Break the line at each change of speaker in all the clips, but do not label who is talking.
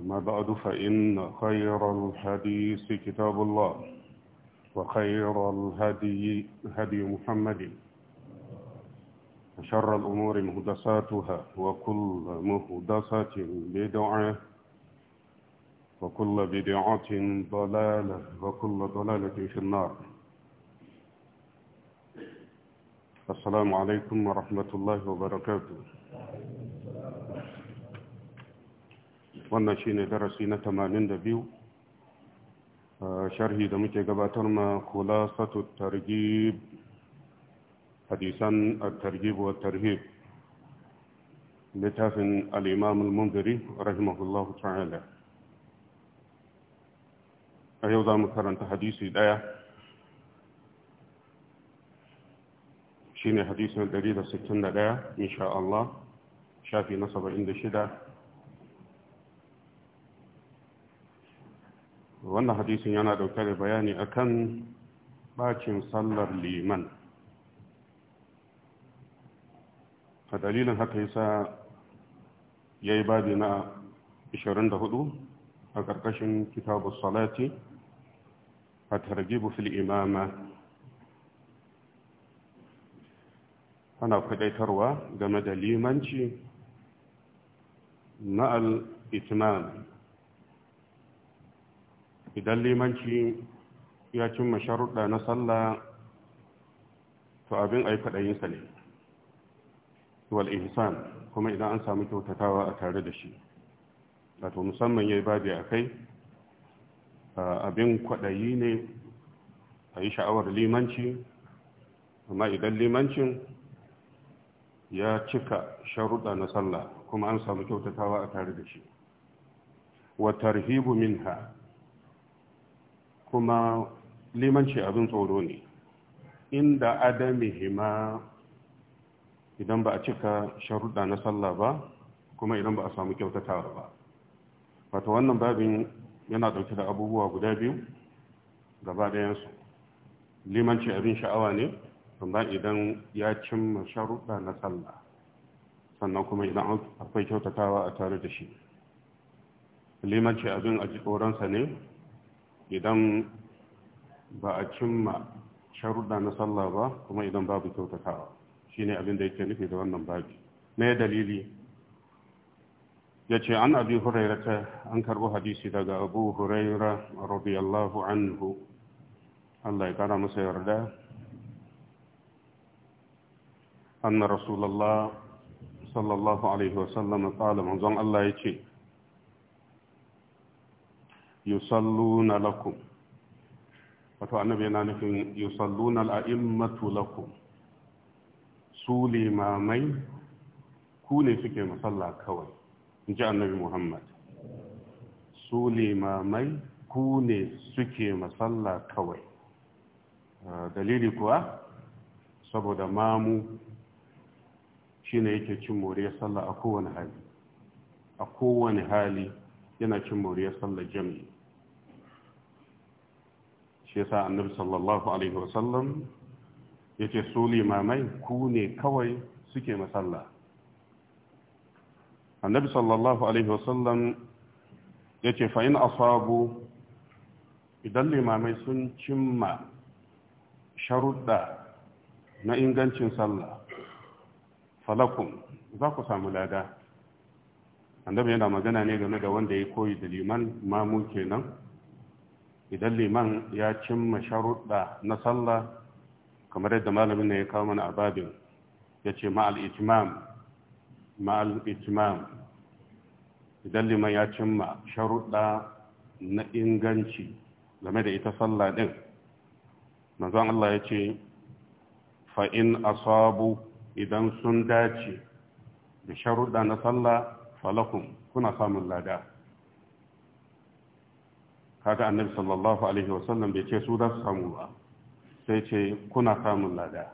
أما بعد فإن خير الحديث كتاب الله وخير الهدي هدي محمد وشر الأمور مهدساتها وكل مهدسة بدعة وكل بدعة ضلالة وكل ضلالة في النار السلام عليكم ورحمة الله وبركاته wannan shi ne darasi na 82 sharhi da muke gabatar ma kula kulasatu targib. hadisan at-targhib wa tarhib littafin al-imam al-munziri rahimahullahu ta'ala a yau za mu karanta hadisi daya shine hadisin 161 insha Allah shafi na 76 wannan hadisin yana dauke da bayani akan bacin sallar liman a dalilin haka yasa ya yi babi na 24 a ƙarƙashin kitabar salati a targibu fil imama ana kwadaitarwa game da limanci ma'al itimam idan limanci ya cimma sharuɗa na sallah to abin a yi kaɗayinsa ne wal ihsan kuma idan an samu kyautatawa a tare da shi wato musamman ya yi babi a kai abin kwaɗayi ne a yi sha'awar limanci amma idan limancin ya cika sharuɗa na sallah kuma an samu kyautatawa a tare da shi wa tarhibu minha kuma limanci abin tsoro ne inda hima idan ba a cika sharuɗa na sallah ba kuma idan ba a samu kyautatawa ba wato wannan babin yana ɗauke da abubuwa guda biyu gaba ɗayansu limanci abin sha'awa ne amma idan ya cimma sharuɗa na sallah sannan kuma idan akwai kyautatawa a tare da shi limanci abin a tsoronsa ne idan ba a cimma sharuɗa na sallah ba kuma idan babu kyautatawa shine abin da yake nufi da wannan babi me dalili ya ce an abi ta an karbi hadisi daga abu huraira radiyallahu anhu Allah ya kara masa yarda anna rasulullah sallallahu alaihi wasallam qala manzon Allah yace yusalluna lakum wato annabi yana nufin yusalluna al'immatu lakum su limamai ku ne suke masalla kawai in ji annabi muhammad su limamai ku ne suke masalla kawai ah, dalili kuwa saboda mamu shine yake cin moriyar sallah a kowane hali a kowane hali yana cin moriyar sallar jami'i shi yasa annabi sallallahu alaihi wasallam ya ce su limamai ku ne kawai suke masalla annabi sallallahu alaihi wasallam ya ce fa'in asabu idan limamai sun cimma sharuɗa na ingancin sallah falakun za ku samu lada annabi yana magana ne game da wanda ya koyi da liman mamu kenan idan liman ya cimma masharuɗa na sallah kamar yadda malamin ne ya kawo mana a babin ya ce ma'al itimam ma'al itimam idan liman ya cimma sharuɗa na inganci game da ita sallah ɗin manzon Allah ya ce fa'in asabu idan sun dace da sharuɗa na sallah falakun kuna samun lada kaga annabi sallallahu alaihi wasallam bai ce su za su samu ba sai ce kuna samun lada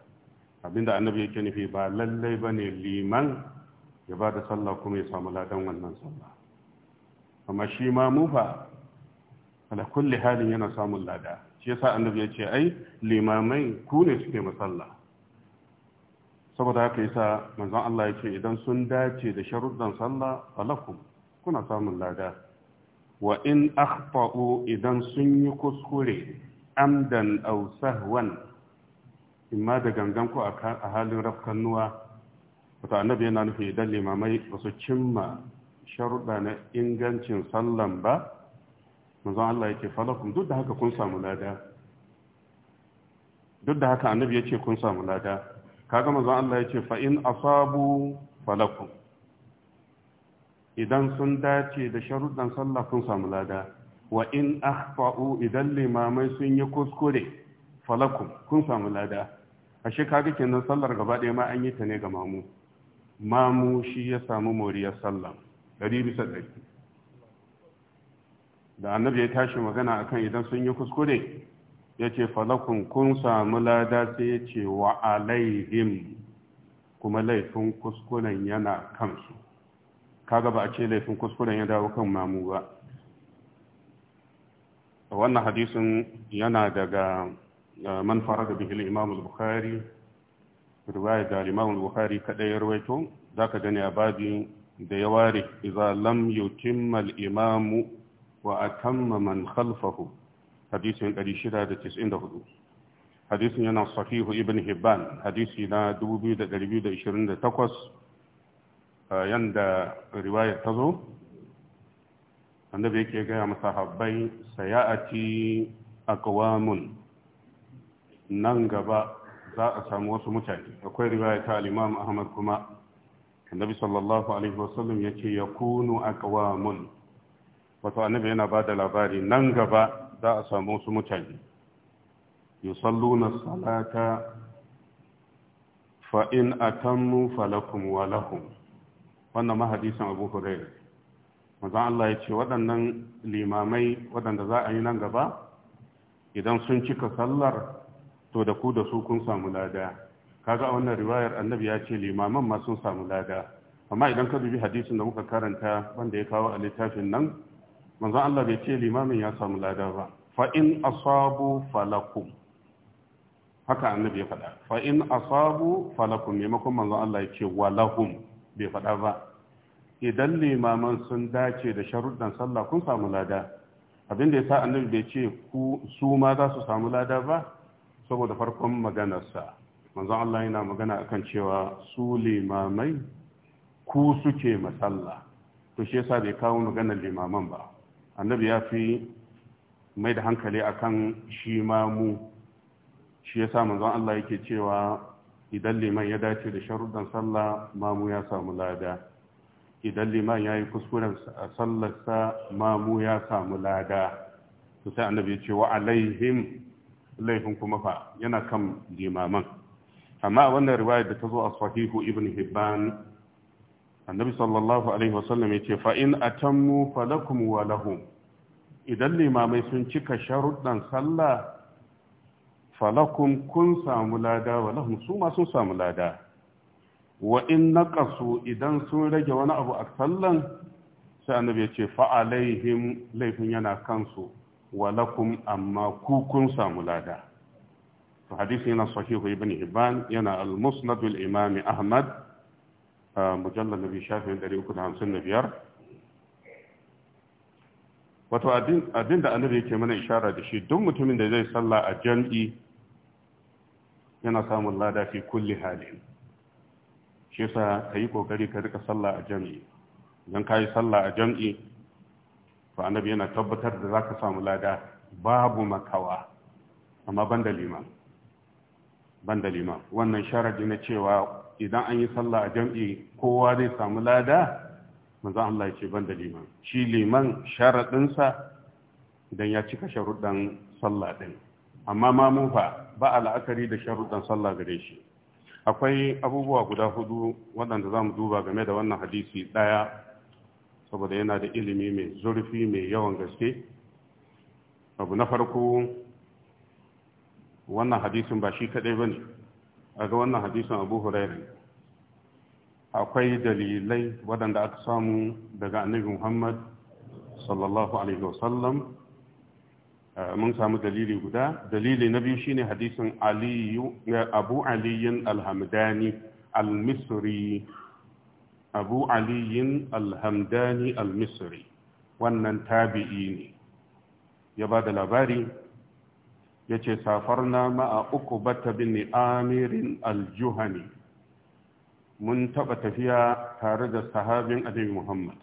abinda annabi yake nufi ba lallai bane liman ya ba da sallah kuma ya samu ladan wannan sallah amma shi ma mufa ala kulli halin yana samun lada shi yasa annabi ya ce ai limamai ku ne suke masallah saboda haka yasa manzon Allah yake idan sun dace da sharuddan sallah falakum kuna samun lada wa in akhta'u idan sun yi kuskure amdan aw sahwan imma da gangan ku a halin Nuwa, wato annabi yana nufi idan limamai ba su cimma sharuɗa na ingancin sallan ba manzon Allah yake falakum duk da haka kun samu lada duk da haka annabi yace kun samu lada kaga manzon Allah ya ce fa in asabu falakum idan sun dace da sharuɗan sallah kun samu lada wa in ahfa'u idan limamai sun yi kuskure falakum kun samu lada ashe kaga kenan sallar gaba ɗaya ma an yi ta ne ga mamu mamu shi ya samu moriyar sallah dari bisa ɗari da annabi ya tashi magana akan idan sun yi kuskure ya ce falakun kun samu lada sai ya ce wa alaihim kuma laifin kuskuren yana kansu kaga ba a ce laifin kuskuren ya dawo kan mamu ba wannan hadisin yana daga eh, man da bihil imam al-bukhari riwaya da imam al-bukhari kadai ya rawaito zaka gani a babi da ya ware idza lam yutimma al imamu wa atamma man khalfahu hadisin 694 hadisin yana sahihu ibn hibban hadisi na 2228 yanda riwayar ta zo annabi yake gaya masa habbai sayati aqwamun nan gaba za a samu wasu mutane akwai riwaya ta al-imam ahmad kuma annabi sallallahu alaihi wasallam yace yakunu aqwamun wato annabi yana bada labari nan gaba za a samu su mutane na salata fa a tannu falakum wa wannan mahadisan Abu Hurairah maza Allah ya ce waɗannan limamai waɗanda za a yi nan gaba idan sun cika sallar to da ku da su kun samu lada kaga a wannan riwayar annabi ya ce limaman ma sun samu lada amma idan ka dubi hadisin da muka karanta wanda ya kawo a littafin nan manzo Allah bai ce limamin ya samu lada ba fa in asabu falakum haka annabi ya faɗa fa in asabu falakum maimakon manzan Allah ya ce walahum bai faɗa ba idan limaman sun dace da sharuddan sallah kun samu lada abinda ya sa annabi bai ce ku su ma za su samu lada ba saboda farkon maganarsa manzo Allah yana magana akan cewa su limamai ku suke masalla to shi yasa bai kawo maganar limaman ba annabi ya fi mai da hankali akan shi ma mu shi yasa manzon Allah yake cewa idan liman ya dace da sharuɗan sallah mu ya samu lada idan liman ya yi kuskuren sallarsa mu ya samu lada to sai annabi ya ce wa alaihim laifin kuma fa yana kan limaman amma wannan riwayar da ta zo a sahihu ibn hibban annabi sallallahu alaihi wasallam ya ce fa'in a tammu falakum wa lahum idan limamai sun cika sharuɗan sallah falakum kun samu lada wa lahum su sun samu lada wa in naqasu idan sun rage wani abu a sallan sai annabi ya ce fa'alaihim laifin yana kansu wa lakum amma ku kun samu lada to hadisi yana sahihu ibn hibban yana al-musnad al-imam ahmad mujallar nabi shafin 355 wato abin da annabi yake mana ishara da shi duk mutumin da zai sallah a jam'i yana samun lada fi kulli halin shi sa, ka yi kokari ka rika sallah a jam'i don ka yi sallah a jam'i to annabi yana tabbatar da za ka samu lada babu makawa amma ban da liman ban da liman wannan sharadi na cewa idan an yi sallah a jam'i kowa zai samu lada manzo Allah ya ce ban da liman shi liman sharaɗinsa idan ya cika sharuɗan sallah ɗin amma ma mun fa ba a la'akari da sharuɗan sallah gare shi akwai abubuwa guda hudu waɗanda za mu duba game da wannan hadisi ɗaya saboda yana da ilimi mai zurfi mai yawan gaske abu na farko wannan hadisin ba shi kaɗai ba ne a ga wannan hadisin abu hurairu akwai dalilai waɗanda aka samu daga annabi muhammad sallallahu alaihi wasallam eh, mun samu dalili guda dalili na biyu shine hadisin abu aliyin alhamdani al abu aliyin alhamdani al wannan tabi'i ne ya ba da labari ya ce safarna ma'a uku bata bin amirin aljuhani mun taba tafiya tare da sahabin annabi muhammad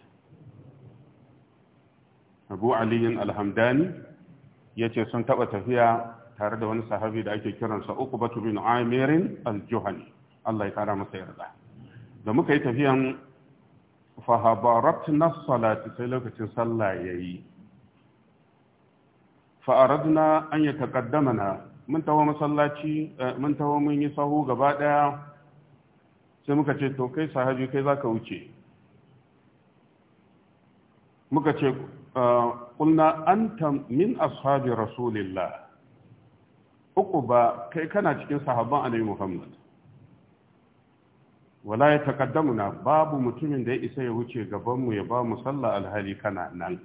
abu aliyun alhamdani ya ce sun taba tafiya tare da wani sahabi da ake kiransa uku bata bin amirin aljuhani allah ya kara masa yarda da muka yi tafiyan fahabarat na salati sai lokacin sallah ya yi fa'aradna an ya taƙaddamana mun taho masallaci eh, mun taho mun yi sahu gaba ɗaya sai muka ce to kai sahabi kai za ka wuce muka ce ƙulna eh, an min ashabi rasulillah uku ba kai kana cikin sahabban annabi muhammad wala ya takaddamuna babu mutumin da ya isa ya wuce gabanmu ya ba mu sallah alhali kana nan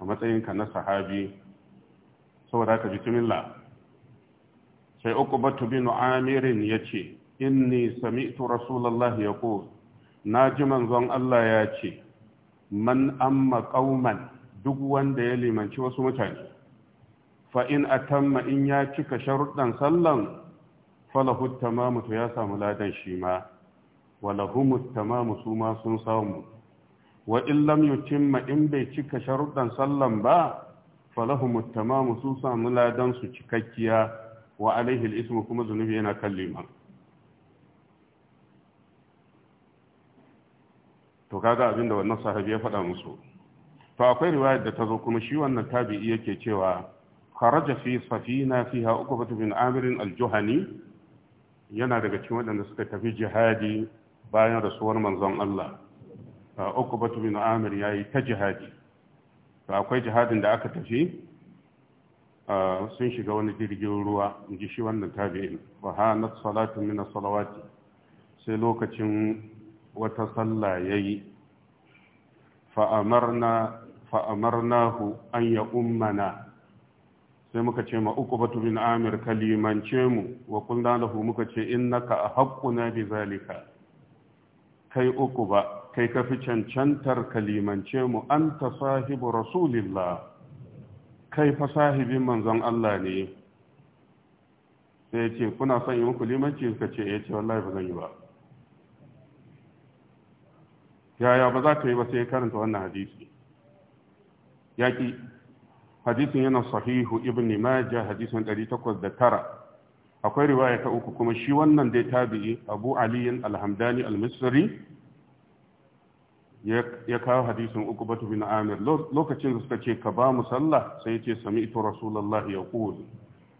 a matsayinka na sahabi saboda ka bismillah sai uqbatu bin amirin yace inni sami'tu rasulullahi Na ji manzon Allah ya ce man amma Kauman, duk wanda ya limanci wasu mutane fa in atamma in ya cika sharuɗan sallan falahu tamamu to ya samu ladan shi ma walahumu tamamu su ma sun samu wa in lam yutimma in bai cika sharuɗan sallan ba falahum mu su samu ladan su cikakkiya wa alaihi ismu kuma zunubi yana kan liman to kaga abin da wannan sahabi ya faɗa musu to akwai riwayar da ta zo kuma shi wannan tabi'i yake cewa kharaja fi safina fiha uqba bin amir al-juhani yana daga cikin waɗanda suka tafi jihadi bayan rasuwar manzon Allah uqba bin amir yayi ta jihadi akwai jihadin da aka tafi sun shiga wani jirgin ruwa in ji shi wannan tabi'in wa hanat salatu min salawati sai lokacin wata sallah yayi fa amarna fa amarnahu an ya ummana sai muka ce ma uku bin amir kalimance mu wa kulna lahu muka ce innaka ahqquna bi zalika kai uku kai ka fi cancantar kalimance mu an ta sahibu rasulillah kai fa sahibin manzon Allah ne sai ya ce kuna son yi muku limanci ka ce eh, ya ce wallahi ba zan yi ba yaya ba za ka yi ba sai ya karanta wannan hadisi Yaki, hadisin yana sahihu ibn majah hadisin 809 akwai riwaya ta uku kuma shi wannan dai tabi'i abu aliyin alhamdani al-misri ya kawo hadisin uku batu bin amir lokacin da suka ce ka ba mu sallah sai ce sami ito rasulallah ya ƙudu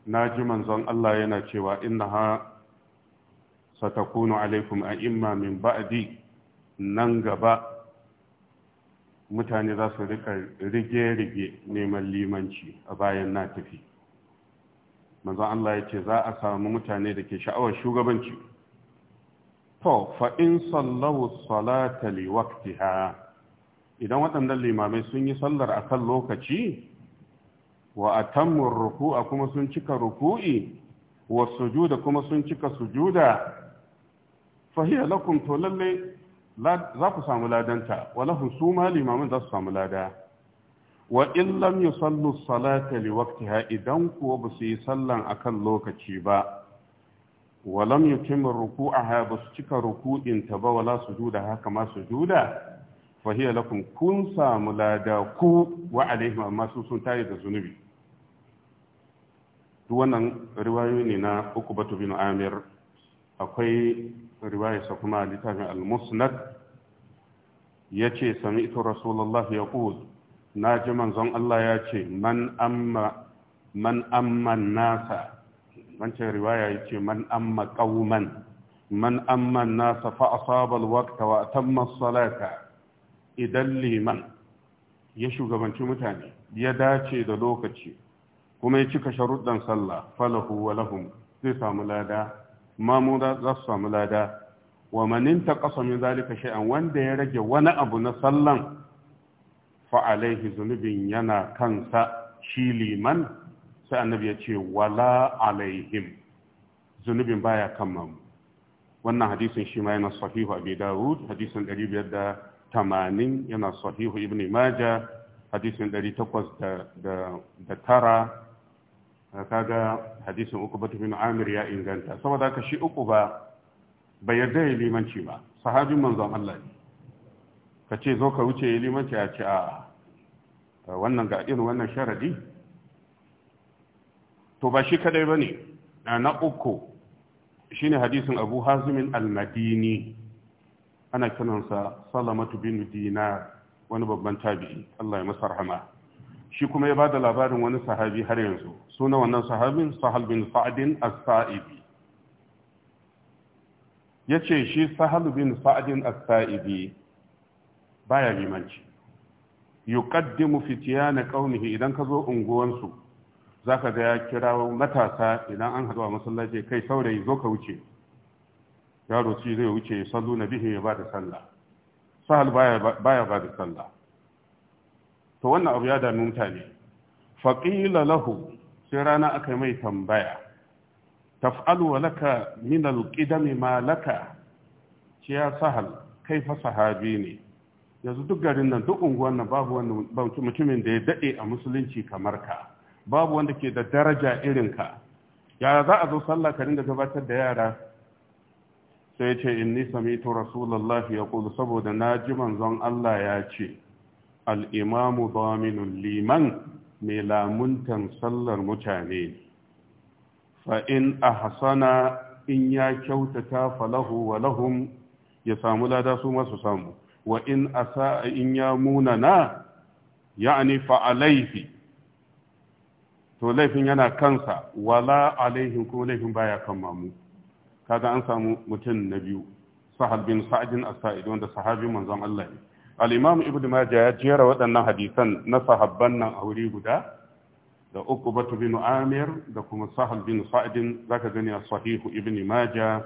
na ji manzon Allah yana cewa inna ha satakunu alaikum a imma min ba'di nan gaba mutane za su rika rige-rige neman limanci a bayan na tafi manzon Allah ya ce za a samu mutane da ke sha'awar shugabanci to fa in sallawu salata li waqtiha idan waɗannan limamai sun yi sallar a kan lokaci wa atammu ruku'a kuma sun cika ruku'i wa sujuda kuma sun cika sujuda fa hiya lakum to lalle za ku samu ladanta wa lahum su ma limamin za su samu lada wa in lam yusallu salata li waqtiha idan kuwa ba su yi sallan akan lokaci ba walam yutimmu ruku'aha basu cika ruku'in ta ba wala su sujuda haka ma su fa hiya lakum kun samu lada ku wa amma su sun tayi da zunubi duk wannan riwayoyi ne na Amir akwai riwaya sa kuma littafin al-Musnad yace sami'tu rasulullahi yaqul na ji manzon Allah ya ce man amma nasa wancan riwaya ya ce man amma ƙauman man amma nasa fa'asabal wakta wa tamma salata idan liman ya shugabanci mutane ya dace da lokaci kuma ya cika sharuɗan sallah falahu wa lahum zai samu lada mamu za su samu lada wa ta ƙasa min zalika shay'an wanda ya rage wani abu na sallan fa alaihi zunubin yana kansa shi liman sai annabi ya ce wala alaihim zunubin baya kan mamu wannan hadisin shi ma yana sahihu abi dawud hadisin 580 yana sahihu ibn maja hadisin 809 kaga hadisin uku batu bin amir ya inganta saboda ka shi uku ba bai yarda ya limanci ba sahabin manzon Allah ne ka ce zo ka wuce ya limanci a ce a wannan ga irin wannan sharadi to ba shi kadai ba ne na uku shi ne hadisin abu hazimin al-madini ana kiransa salamatu bin dina wani babban tabi'i Allah ya masa rahama shi kuma ya bada labarin wani sahabi har yanzu suna wannan sahabin sahal bin sa'adin as-sa'ibi yace shi sahal bin sa'adin as-sa'ibi baya limanci yuqaddimu fityana qaumihi idan ka zo unguwansu za ka ga ya kira matasa idan an haɗu a masallaci kai saurayi zo ka wuce yaro ci zai wuce sallu na bihe ya ba da sallah sahal baya ba da sallah to wannan abu ya dami mutane faƙila lahu sai rana aka mai tambaya taf'alu wa laka min alqidami ma laka shi ya sahal kai fa sahabi ne yanzu duk garin nan duk unguwan nan babu wani mutumin da ya dade a musulunci kamar ka babu wanda ke da daraja irin ka ya za a zo sallah ka ringa gabatar da yara sai ya ce inni samitu rasulullahi ya kudu saboda na ji manzon Allah ya ce al'imamu dominun liman mai lamuntan sallar mutane fa'in a hasana in ya kyautata falahu wa ya samu lada su masu samu wa in a in ya munana ya ne fa'alaifi to laifin yana kansa wala alaihin kuma laifin baya kan mamu kaga an samu mutum na biyu sahal bin sa'adin as-sa'id wanda sahabi manzon Allah ne al-imam ibnu majah ya jera waɗannan hadisan na sahabban nan a wuri guda da uqbatu bin amir da kuma sahal bin sa'adin zaka gani a sahihu ibnu majah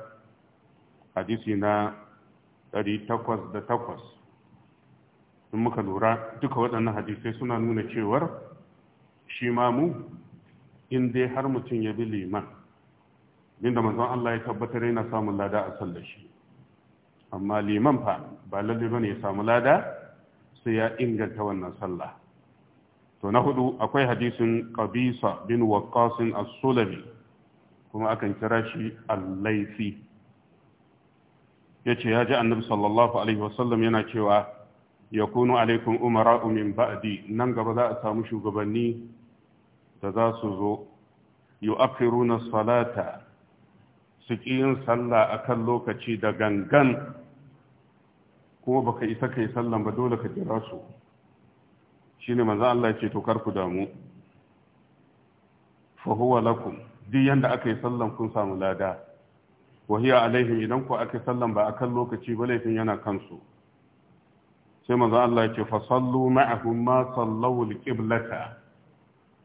hadisi na 808 in muka lura duka waɗannan hadisai suna nuna cewar shi mamu in dai har mutum ya bi liman inda manzon Allah ya tabbatar yana samun lada a sallar shi amma liman fa ba lalle bane ya samu lada sai ya inganta wannan sallah to na hudu akwai hadisin qabisa bin waqqas as-sulami kuma akan kira shi al-laifi yace ya ji annabi sallallahu alaihi wasallam yana cewa yakunu alaikum umara'u min ba'di nan gaba za a samu shugabanni da za su zo yu'akhiruna salata su ƙi yin sallah a kan lokaci da gangan kuma ka isa ka yi sallan ba dole ka jira su Shi ne maza Allah ce to kar ku damu fa lakum duk yadda aka yi sallan kun samu lada wahiya alaihim idan ku aka yi sallan ba a kan lokaci ba laifin yana kansu sai maza Allah ya ce fa sallu ma'ahum ma sallu al-qiblata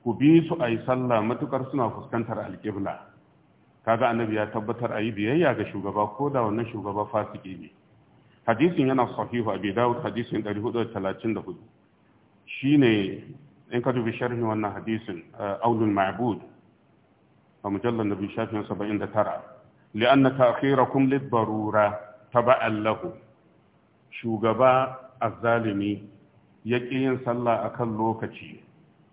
ku bi su a yi sallah matukar suna fuskantar alƙibla kaga annabi ya tabbatar a yi biyayya ga shugaba ko da wannan shugaba fasiki ne hadisin yana sahihu abi dawud hadisin 434 shine in ka dubi sharhin wannan hadisin eh, aulul ma'bud a mujallar nabi shafin 79 li'anna ta'khirakum lid-darura taba'an lahu shugaba azzalimi yaki yin sallah akan lokaci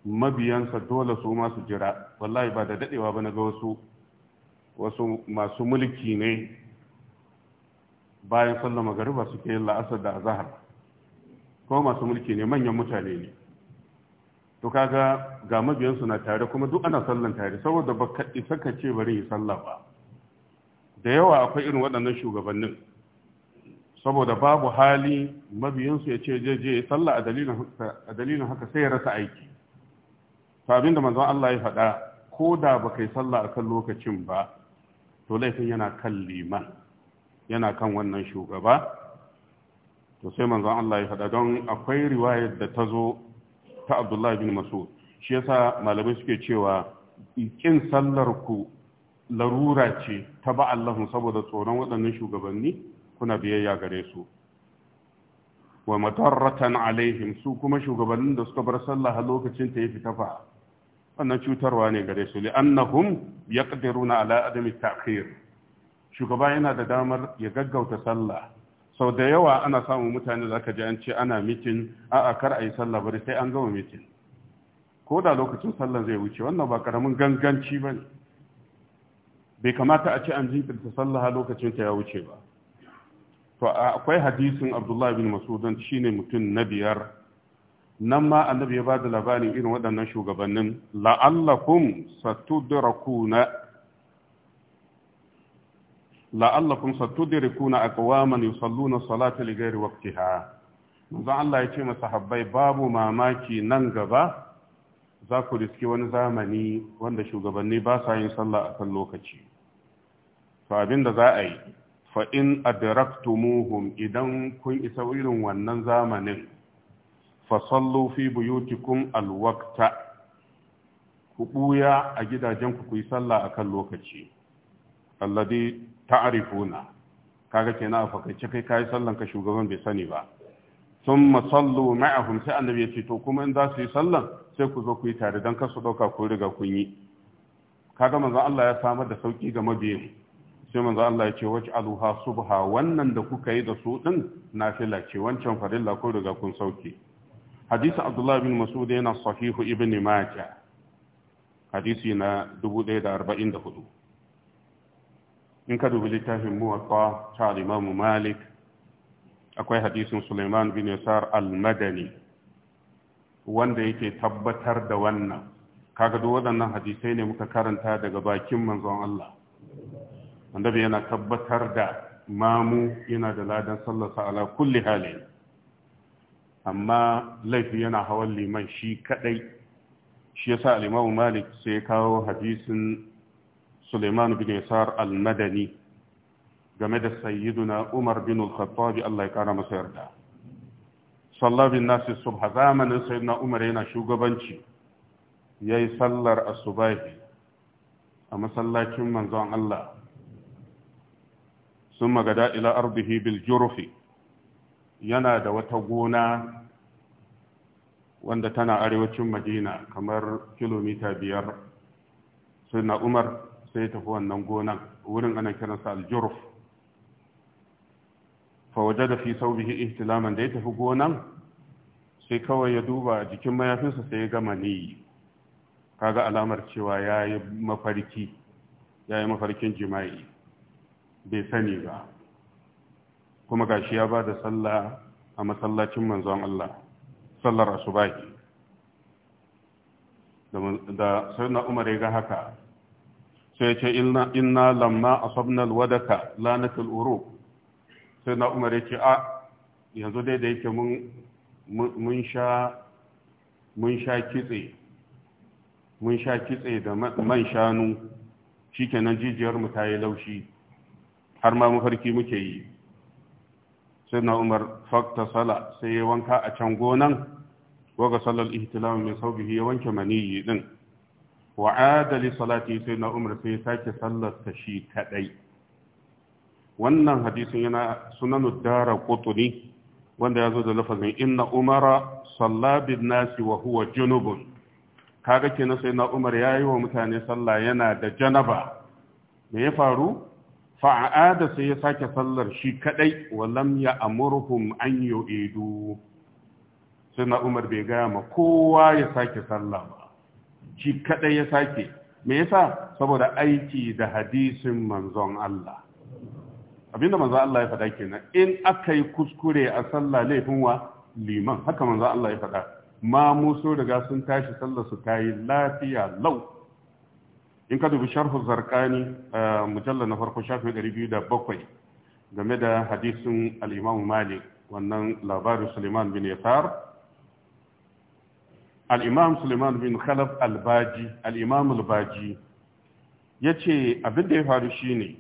mabiyansa dole su ma su jira wallahi ba da dadewa ba na ga wasu wasu masu mulki ne bayan sallar magariba suke yin la'asar da azahar ko masu mulki ne manyan mutane ne to kaga ga mabiyansu na tare kuma duk ana sallan tare saboda ba ka isa ka ce bari yi sallah ba da yawa akwai irin waɗannan shugabannin saboda babu hali mabiyansu ya ce je je sallah a dalilin haka sai ya rasa aiki abin da manzon Allah ya faɗa ko da ba kai sallah akan lokacin ba to laifin yana kan liman yana kan wannan shugaba to sai manzon Allah ya faɗa don akwai riwayar da ta zo ta Abdullahi bin Mas'ud shi yasa malamai suke cewa kin sallar ku larura ce ta ba Allahun saboda tsoron waɗannan shugabanni kuna biyayya gare su wa matarratan alaihim su kuma shugabannin da suka bar sallah a lokacin ta yi fita fa wannan cutarwa ne gare su annahum yaqdiruna ala adami ta'khir shugaba yana da damar ya gaggauta sallah sau da yawa ana samu mutane da aka ji an ce ana mitin a'a kar a yi sallah bari sai an gama mitin ko da lokacin sallah zai wuce wannan ba karamin ganganci ba ne bai kamata a ce an jinkirta sallah lokacin ta ya wuce ba to akwai hadisin abdullahi bin masudin shine mutum na biyar nan ma annabi ya ba da labarin irin waɗannan shugabannin la'allakum satudrakuna la'allakum satudrakuna aqwaman yusalluna salata li ghairi waqtiha manzo Allah ya ce masa sahabbai babu mamaki nan gaba za ku riski wani zamani wanda shugabanni ba sa yin sallah a kan lokaci to abin da za a yi fa in adraktumuhum idan kun isa irin wannan zamanin fasallu fi buyutikum alwakta ku ɓuya a gidajenku ku yi sallah a kan lokaci alladi ta'arifuna kaga kenan a fakaice kai kayi sallan ka shugaban bai sani ba sun masallu ma'ahum sai annabi ya ce to kuma in za su yi sallan sai ku zo ku yi tare don kasu ɗauka ku riga kun yi kaga manzon Allah ya samar da sauki ga mabiyin sai manzo Allah ya ce waj'aluha subha wannan da kuka yi da su din nafila ce wancan farilla ko riga kun sauke hadisi abdullah bin masud yana sahihu ibn majah hadisi na 1044 in ka dubi littafin muwatta ta imam malik akwai hadisin suleiman bin yasar al-madani wanda yake tabbatar da wannan kaga duk waɗannan hadisai ne muka karanta daga bakin manzon Allah annabi yana tabbatar da mamu yana da ladan sallarsa ala kulli halin amma laifi yana hawan liman shi kadai shi yasa sa imam Malik sai ya kawo hadisin Suleiman bin Yasar al-Madani game da sayyiduna Umar bin al-Khattab Allah ya kara masa yarda sallabin nasi subha zamanin sayyiduna Umar yana shugabanci yayi sallar asubahi a masallacin manzon Allah sun magada ila ardihi bil jurfi yana da wata gona wanda tana arewacin madina kamar kilomita biyar sai na umar sai tafi wannan gonan wurin ana kiransa aljuruf fawaje da fi saubihi ihtilaman da ya tafi gonan sai kawai ya duba jikin mayafinsa sai ya gama ni kaga alamar cewa ya mafarki ya yi mafarkin jima'i bai sani ba kuma gashi ya ba da sallah a masallacin manzon Allah sallar asubahi da sayyidina Umar ya ga haka sai ya ce inna lamma asabna alwadaka lanatul Sai sayyidina Umar ya ce a yanzu dai da yake mun mun sha mun sha kitse mun sha kitse da man shanu shikenan jijiyar mu ta yi laushi har ma mafarki muke yi sai na umar fakta sala sai ya wanka a can gonan waga sallar ihtilam mai sauƙi ya wanke maniyi din wa adali salati sai na umar sai ya sake sallar ta shi kadai wannan hadisin yana sunan dara qutni wanda ya zo da lafazin inna umara salla bin nasi wa huwa junubun kaga kenan sai na umar yayi wa mutane sallah yana da janaba me ya faru fa'ada sai ya sake sallar shi kadai walam ya amurhum an sai suna umar bai gaya ma kowa ya sake sallah ba shi kadai ya sake me yasa saboda aiki da hadisin manzon Allah abinda manzon Allah ya faɗa kenan in aka yi kuskure a sallah laifin wa liman haka manzon Allah ya faɗa ma musu daga sun tashi sallar su tayi lafiya lau in ka dubi sharhu zarkani eh, mujallar na farko shafi 207 game da hadisin al'imamu malik wannan labarin suleiman bin yasar al'imam suleiman bin khalaf albaji al'imam al-baji ya ce abinda ya faru shine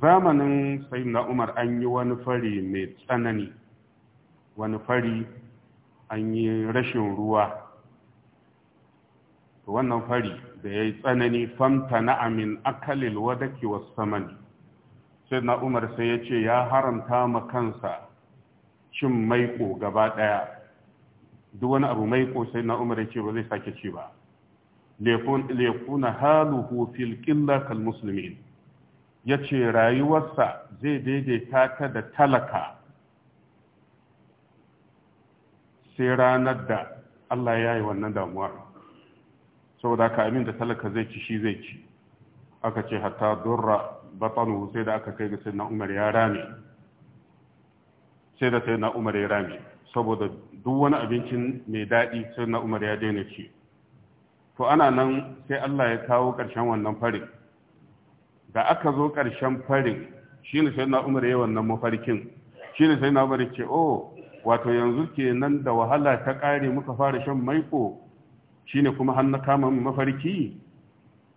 zamanin sayi na umar an yi wani fari mai tsanani wani fari an yi rashin ruwa wannan fari da ya yi tsanani na amin akalil wadaki wasamani sai na umar sai ya ce ya haramta ma kansa cin maiko gaba ɗaya duk wani abu maiko sai na umar ya ce ba zai sake ci ba lefuna haluhu fil killa kal musulmin ya ce rayuwarsa zai daidaita ta da talaka sai ranar da Allah ya yi wannan damuwar saboda ka amin da talaka zai ci shi zai ci aka ce hatta durra batanu sai da aka kai ga sayyidina Umar ya rame sai da sayyidina Umar ya rame saboda duk wani abincin mai daɗi sayyidina Umar ya daina ci to ana nan sai Allah ya kawo ƙarshen wannan farin da aka zo ƙarshen farin shine sayyidina Umar ya wannan mafarkin shine sayyidina Umar ya ce oh wato yanzu kenan da wahala ta ƙare muka fara shan maiko shine kuma har na kama mafarki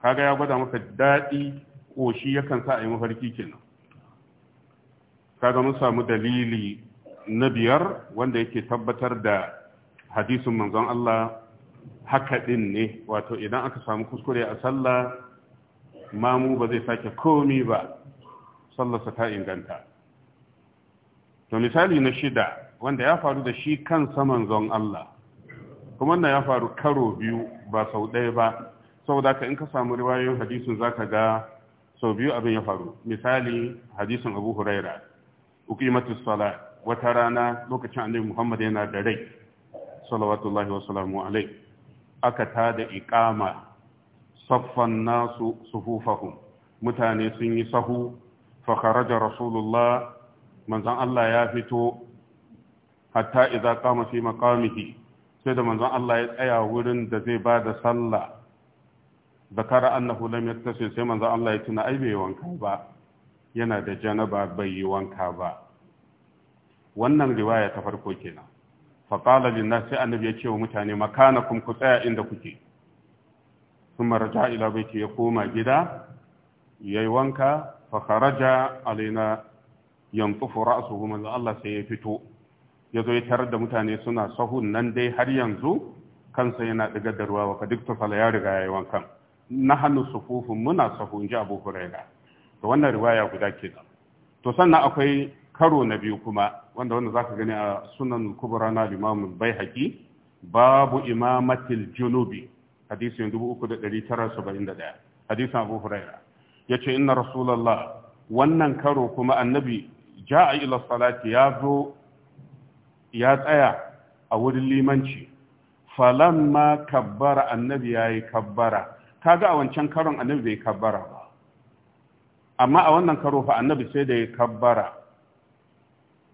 kaga ya gwada maka daɗi ƙoshi yakan sa a yi mafarki kenan kaga mun samu dalili na biyar wanda yake tabbatar da hadisin manzon Allah haka ɗin ne wato idan aka samu kuskure a sallah mamu ba zai sake komi ba sallarsa ta inganta to misali na shida wanda ya faru da shi kan manzon Allah kuma wannan ya faru karo biyu ba sau ɗaya ba saboda ka in ka samu riwayoyin hadisin zaka ga sau biyu abin ya faru misali hadisin abu huraira uqimatu sala wata rana lokacin annabi muhammad yana da rai salawatullahi wa salamu alai aka tada iqama saffan nasu sufufahum mutane sun yi sahu fa kharaja rasulullah manzon Allah ya fito hatta idza qama fi maqamihi sai da manzon Allah ya tsaya wurin da zai ba da sallah zakara annahu lam yattasil sai manzon Allah ya tuna ai bai wanka ba yana da janaba bai yi wanka ba wannan riwaya ta farko kenan fa qala lin nas sai annabi ya ce wa mutane makanakum ku tsaya inda kuke kuma raja ila baiti ya koma gida yayi wanka fa kharaja alaina yantufu ra'suhu manzon Allah sai ya fito ya zo ya tarar da mutane suna sahun nan dai har yanzu kansa yana ɗiga da ruwa wa duk tafala ya riga yayi wankan na hannu sufufin muna sahu in ji abu huraira to wannan riwaya guda ke to sannan akwai karo na biyu kuma wanda wanda zaka gani a sunan kubra na Baihaki, baihaqi babu imamatil junubi hadisin 3971 hadisin abu huraira yace inna rasulullah wannan karo kuma annabi ja'a ila salati ya zo ya tsaya a wurin limanci ma kabbara annabi ya yi kabbara ga a wancan karon annabi bai kabbara ba amma a wannan karo fa annabi sai da ya kabbara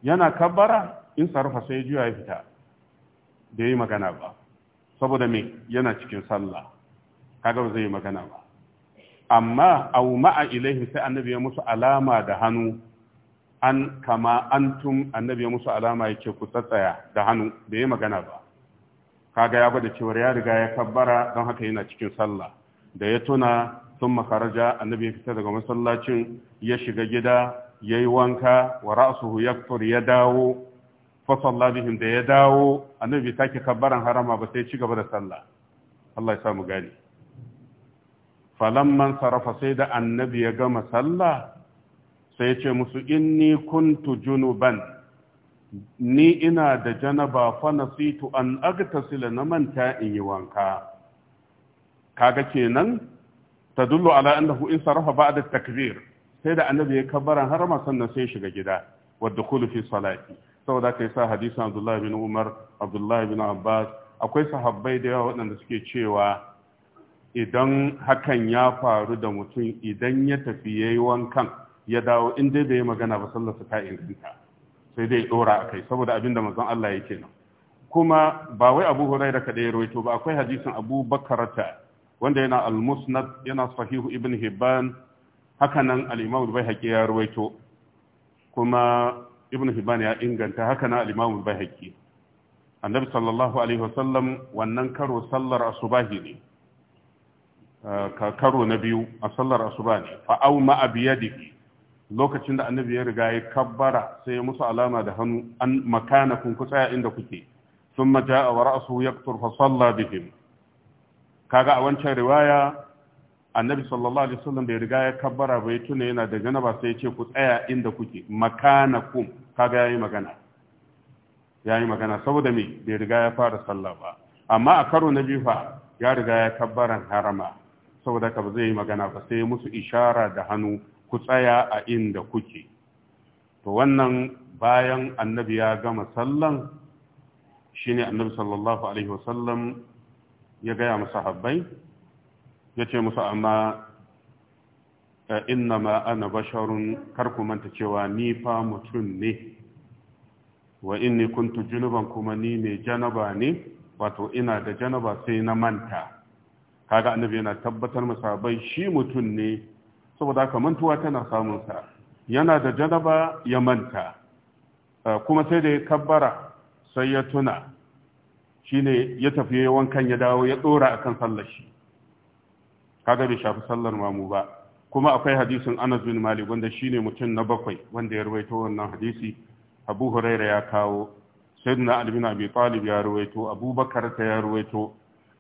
yana kabbara in sarrafa sai juya ya fita da ya yi magana ba saboda me yana cikin sallah kaga ba zai yi magana ba amma wuma a ilaihi sai annabi ya musu alama da hannu an kama an tun annabi ya musu alama ya ce ku tsatsaya da hannu bai yi magana ba kaga ya gwada cewar ya riga ya kabbara don haka yana cikin sallah da ya tuna sun makaraja annabi ya fita daga masallacin ya shiga gida ya yi wanka wa ra'asuhu yaktur ya dawo fa Labihin da ya dawo annabi ta ke kabbaran harama ba sai ci gaba da sallah Allah ya samu gani falamman sarafa sai da annabi ya gama sallah sai ce musu inni kuntu junuban ni ina da janaba fa nasitu an agtasila na manta in yi wanka kaga kenan tadullu ala annahu in sarafa ba'da takbir sai da annabi ya kabbaran har ma sannan sai shiga gida wa dukhulu fi salati saboda kai sa hadisin Abdullah bin Umar Abdullah bin Abbas akwai sahabbai da yawa waɗanda suke cewa idan hakan ya faru da mutum idan ya tafi yayi wankan ya dawo in dai ya magana ba sallarsa ta inganta sai dai ɗora a kai saboda abin da mazan Allah yake nan kuma ba wai Abu hurai da ya rawaito ba akwai hadisin Abu Bakarata wanda yana al-Musnad yana sahihu Ibn Hibban haka nan al-Imam al ya rawaito kuma Ibn Hibban ya inganta haka nan al-Imam Annabi sallallahu alaihi wasallam wannan karo sallar asubahi ne karo na biyu a sallar asuba ne fa da ke. lokacin da annabi ya riga ya kabbara sai ya musu alama da hannu an kun ku tsaya inda kuke sun maja a wa ra'asu ya fa salla bihim kaga a wancan riwaya annabi sallallahu alaihi wasallam bai riga ya kabbara ba ya tuna yana da janaba sai ya ce ku tsaya inda kuke makana kun. kaga yayi magana yayi magana saboda me bai riga ya fara sallah ba amma a karo na biyu ya riga ya kabbaran harama saboda ka ba zai yi magana ba sai musu ishara da hannu ku tsaya a inda kuke to wannan bayan annabi ya gama sallan shine annabi sallallahu alaihi wasallam ya gaya masa habbai ya ce musu amma e, inna ma ana basharun karku manta cewa ni fa mutum ne wa inni kuntu junuban kuma ni ne janaba ne wato ina da janaba sai na manta kaga annabi yana tabbatar masahabai shi mutum ne saboda haka mantuwa tana samunsa yana da janaba ya manta eh, kuma sai da ya kabbara sai ya tuna shi ne ya tafi wankan ya dawo ya dora akan sallar shi kaga bai shafi sallar mamu ba kuma akwai hadisin Anas bin Malik wanda shi ne mutum na bakwai wanda ya rawaito wannan hadisi Abu Huraira ya kawo Sayyidina Ali bin Abi Talib ya rawaito Abu ta ya rawaito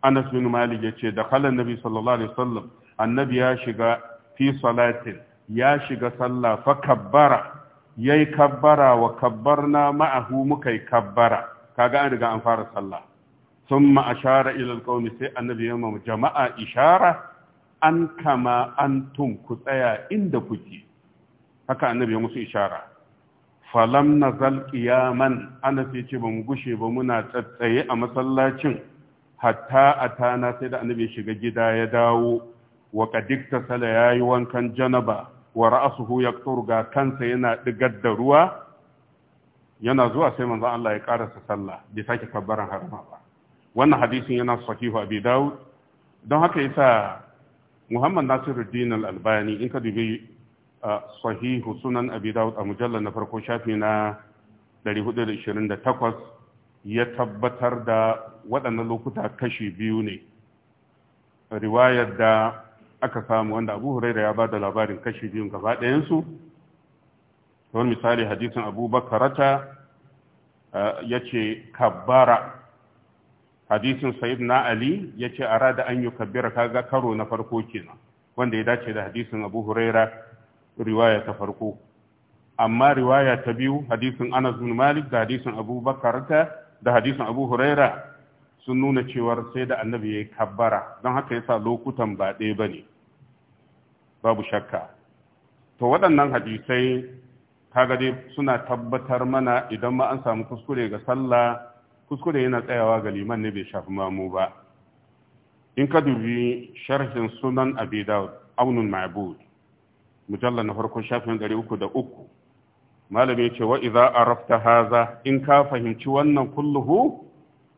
Anas bin Malik ce da khalan Nabi sallallahu alaihi wasallam annabi ya shiga fi salatin ya shiga sallah fa kabbara yayi kabbara wa kabbarna ma'ahu muka yi kabbara kaga an riga an fara sallah thumma ashara ila alqawmi sai annabi ya jama'a ishara an kama antum ku tsaya inda kuke haka annabi ya musu ishara falam nazal qiyaman ana sai ce bamu gushe ba muna tsatsaye a masallacin hatta atana sai da annabi ya shiga gida ya dawo wa kadikta sala yayi wankan janaba wa ra'suhu ya ga kansa yana digar da ruwa yana zuwa sai manzo Allah ya karasa sallah bai sake kabbaran harama ba wannan hadisin yana sahihu abi daud don haka yasa Muhammad Nasiruddin Al-Albani in ka dubi sahihu sunan abi daud a mujallar na farko shafi na 428 ya tabbatar da waɗannan lokuta kashi biyu ne riwayar da aka samu wanda abu huraira ya ba da labarin kashi biyun gaba ɗayansu kamar misali hadisin abubakarata ya ce kabbara hadisin sayid na ali ya ce a rada an yi kabbira kaga karo na farko kenan wanda ya dace da hadisin abu huraira riwaya ta farko amma riwaya ta biyu hadisin anas bin malik da hadisin abubakarata da hadisin abu huraira sun nuna cewar sai da annabi ya yi kabbara don haka yasa lokutan ba ɗaya ba ne babu shakka to waɗannan hadisai kaga dai suna tabbatar mana idan ma an samu kuskure ga sallah kuskure yana tsayawa ga liman ne bai shafi mamu ba in ka dubi sharhin sunan abi daud aunun ma'bud mujallar na farkon shafin uku uku. malami ya ce wa idza arafta haza in ka fahimci wannan kulluhu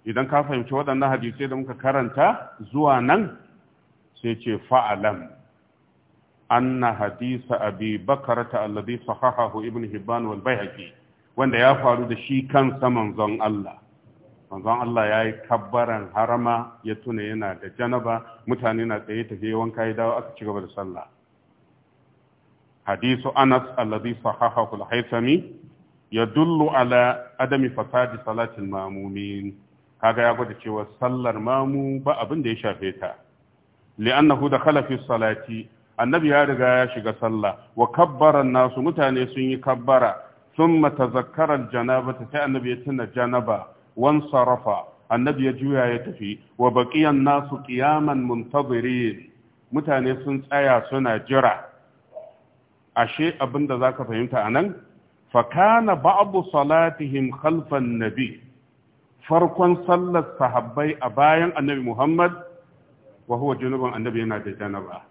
idan ka fahimci waɗannan hadisai da muka karanta zuwa nan sai ce fa'alam anna hadisa abi bakarata alladhi sahahahu ibn hibban wal baihaqi wanda ya faru da shi saman manzon Allah manzon Allah ya yi kabbaran harama ya tuna yana da janaba mutane na tsaye tafi wanka ya dawo aka ci gaba da sallah hadisu anas alladhi sahahahu al-haythami yadullu ala adami fasadi salatin mamumin kaga ya gwada cewa sallar mamu ba abin da ya shafe ta li'annahu dakhala fi salati annabi ya riga ya shiga sallah wa kabbaran nasu mutane sun yi kabbara sun matazakkarar janaba ta sai annabi ya tuna janaba wan sarafa annabi ya juya ya tafi wa baqiyan nasu qiyaman muntazirin mutane sun tsaya suna jira ashe abinda zaka fahimta anan fa kana ba'du salatihim khalfan nabi farkon sallar sahabbai a bayan annabi Muhammad wa huwa junuban annabi yana da janaba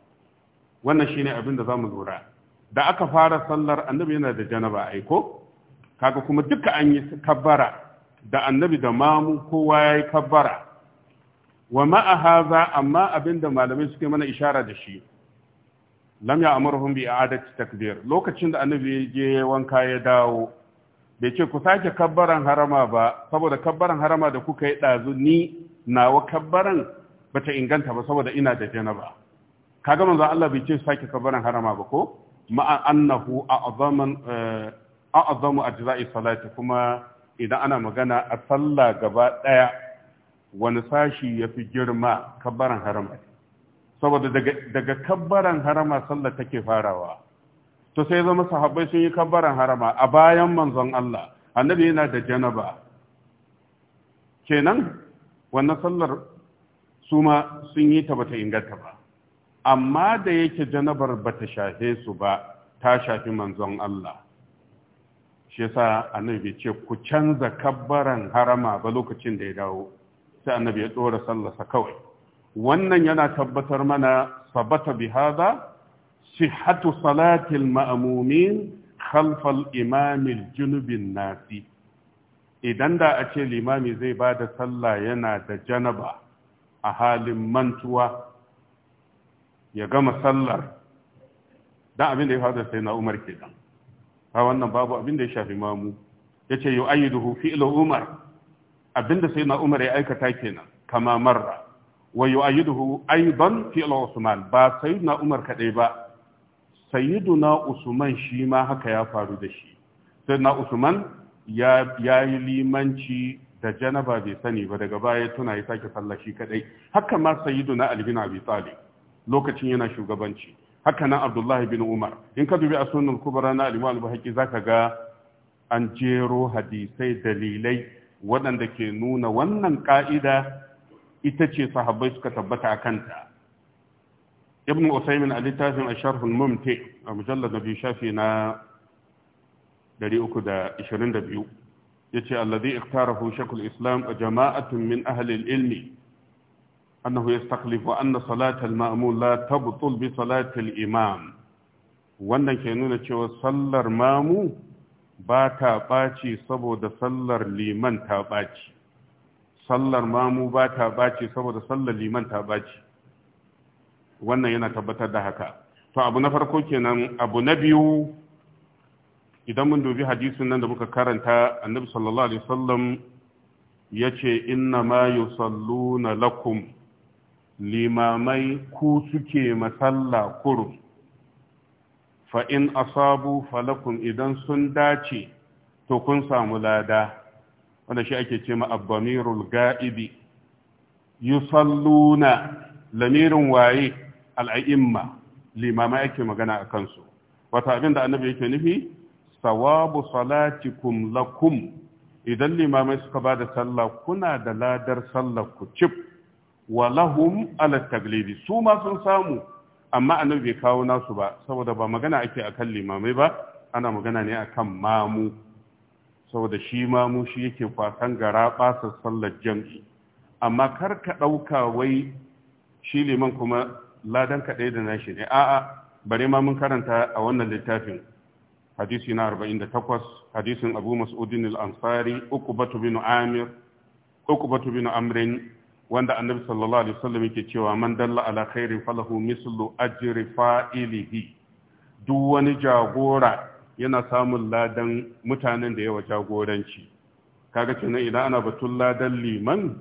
wannan shi ne abin da za mu lura da aka fara sallar annabi yana da janaba aiko kaga kuma duka an yi kabbara da annabi da mamu kowa ya yi kabbara wa ma'a haza amma abin da malamai suke mana ishara da shi lam ya amurhum bi i'adati takbir lokacin da annabi ya je wanka ya dawo bai ce ku sake kabbaran harama ba saboda kabbaran harama da kuka yi dazu ni nawa kabbaran bata inganta ba saboda ina da janaba kaga manzo Allah bai ce sake kabarin harama ba ko ma'a annahu a'zaman eh, a'zamu ajza'i salati kuma idan ana magana a sallah gaba daya wani sashi yafi girma kabarin harama saboda daga daga harama sallah take farawa to sai zama sahabbai sun yi kabbaran harama a bayan manzon Allah annabi yana da janaba kenan wannan sallar su ma sun yi ta bata inganta ba amma da yake janabar bata shafe su ba ta shafi manzon Allah shi yasa annabi ce ku canza kabbaran harama ba lokacin da ya dawo sai annabi ya ɗora sallasa kawai wannan yana tabbatar mana sabata bi hada sihhatu salatil ma'amumin khalf al junubin nasi idan da a ce limami zai ba da sallah yana da janaba a halin mantuwa ya gama sallar dan abin da ya faru sai na Umar kenan ba wannan babu abin da ya shafi mamu yace yu'ayyiduhu fi'lu Umar abinda sai na Umar ya aikata kenan kama marra wa yu'ayyiduhu aidan fi'lu Usman ba sai na Umar kadai ba sayyiduna Usman shi ma haka ya faru da shi sai na Usman ya yi limanci da janaba bai sani ba daga baya tuna ya sake sallar shi kadai haka ma sayyiduna Ali bin Abi Talib lokacin yana shugabanci haka nan abdullahi bin umar in ka dubi a sunan kubra na alimu albuhaki zaka ga an jero hadisai dalilai waɗanda ke nuna wannan ƙa'ida? ita ce sahabbai suka tabbata a kanta ibn usaimin a littafin a sharhul mumti a mujallar na biyu shafi na 322 ya ce alladhi ikhtarahu shakul islam a jama'atun min ahlil ilmi أنه يستخلف أن صلاة المأمون لا تبطل بصلاة الإمام wannan ke nuna cewa sallar mamu ba ta ɓaci saboda sallar liman ta ɓaci sallar mamu ba ta ɓaci saboda sallar liman ta ɓaci wannan yana tabbatar da haka to abu na farko kenan abu na biyu idan mun dubi hadisin nan da muka karanta annabi sallallahu alaihi wasallam yace inna ma yusalluna lakum limamai ku suke masalla kuru fa'in asabu falakun idan sun dace to kun samu lada wanda shi ake ce ma'abbamirul ga'ibi yusalluna lamirin waye al'a'imma limamai ake magana a kansu wata abin da annabi yake nufi sawabu salatikum lakum idan limamai suka ba da sallah kuna da ladar sallah ku cif wa lahum ala taglibi su ma sun samu amma annabi bai kawo nasu ba saboda ba magana ake akan limamai ba ana magana ne akan mamu saboda shi mamu shi yake kwasan gara basa sallar jam'i amma kar ka ɗauka wai shi liman kuma ladan kaɗai da nashi ne a'a bare ma mun karanta a wannan littafin hadisi na 48 hadisin abu mas'udin al-ansari uqbatu bin amir uqbatu bin amrin wanda annabi sallallahu alaihi wasallam yake cewa man dalla ala khairin falahu mislu ajri fa'ilihi duk wani jagora yana samun ladan mutanen da yawa jagoranci kaga kenan idan ana batun ladan liman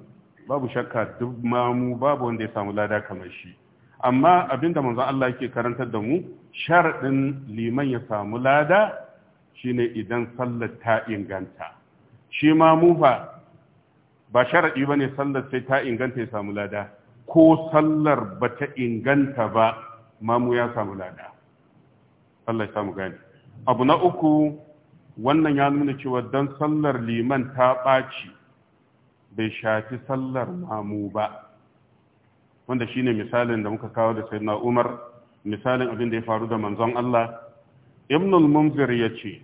babu shakka duk mamu babu wanda ya samu lada kamar shi amma abinda manzon Allah yake karantar da mu sharadin liman ya samu lada shine idan sallar ta inganta shi ma mu fa ba sharaɗi ba ne sallar sai ta inganta ya samu lada ko sallar ba ta inganta ba mamu ya samu lada Allah ya samu gani abu na uku wannan ya nuna cewa don sallar liman ta ɓaci bai shafi sallar mamu ba wanda shine misalin da muka kawo da na umar misalin abin da ya faru da manzon Allah ibnul al-munzir ya ce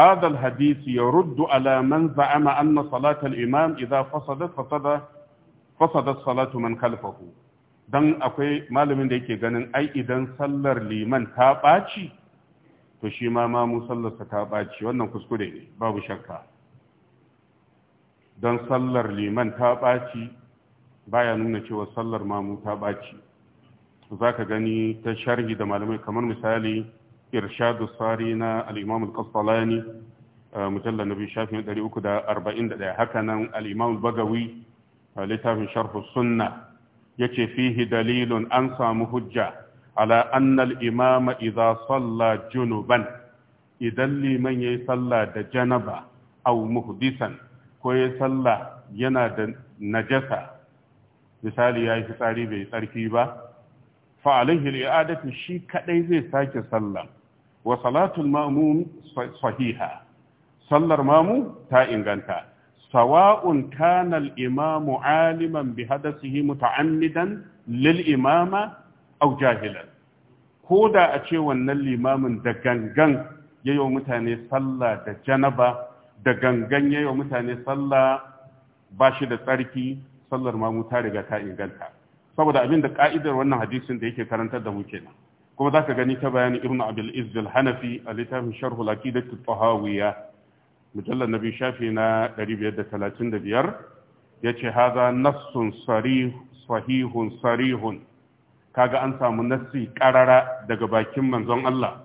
هذا الحديث يرد على من زعم أن صلاة الإمام إذا فسدت فسد فسدت صلاة من خلفه dan akwai malamin da yake ganin ai idan sallar liman ta ɓaci to shi ma mamu sallarsa ta ɓaci wannan kuskure ne babu shakka don sallar liman ta ɓaci baya nuna cewa sallar mamu ta ɓaci za ka gani ta sharhi da malamai kamar misali irshadu sari na al-imam al-qastalani mujalla nabi shafin 341 haka nan al-imam bagawi littafin sharhu sunna yace fihi dalilun an samu hujja ala imama Iza salla junuban idan liman yayi sallah da janaba aw muhdisan ko yayi salla yana da najasa misali yayi fitsari bai tsarki ba fa alaihi al-i'adatu shi kaɗai zai sake sallah wa salatul ma'mum sahiha sallar mamu ta inganta sawa'un kana al-imam aliman bi hadathihi muta'ammidan lil imama aw jahilan ko da a ce wannan limamin da gangan yayo mutane sallah da janaba da gangan yayo mutane sallah ba shi da tsarki sallar mamu ta riga ta inganta saboda abin da ka'idar wannan hadisin da yake karantar da mu kenan kuma za ka gani ta bayanin irin abdul izz hanafi a littafin sharhu al-aqidah mujallar na mujallal nabi shafi na 535 yace haza nassun sahihun sarihun kaga an samu nassi karara daga bakin manzon Allah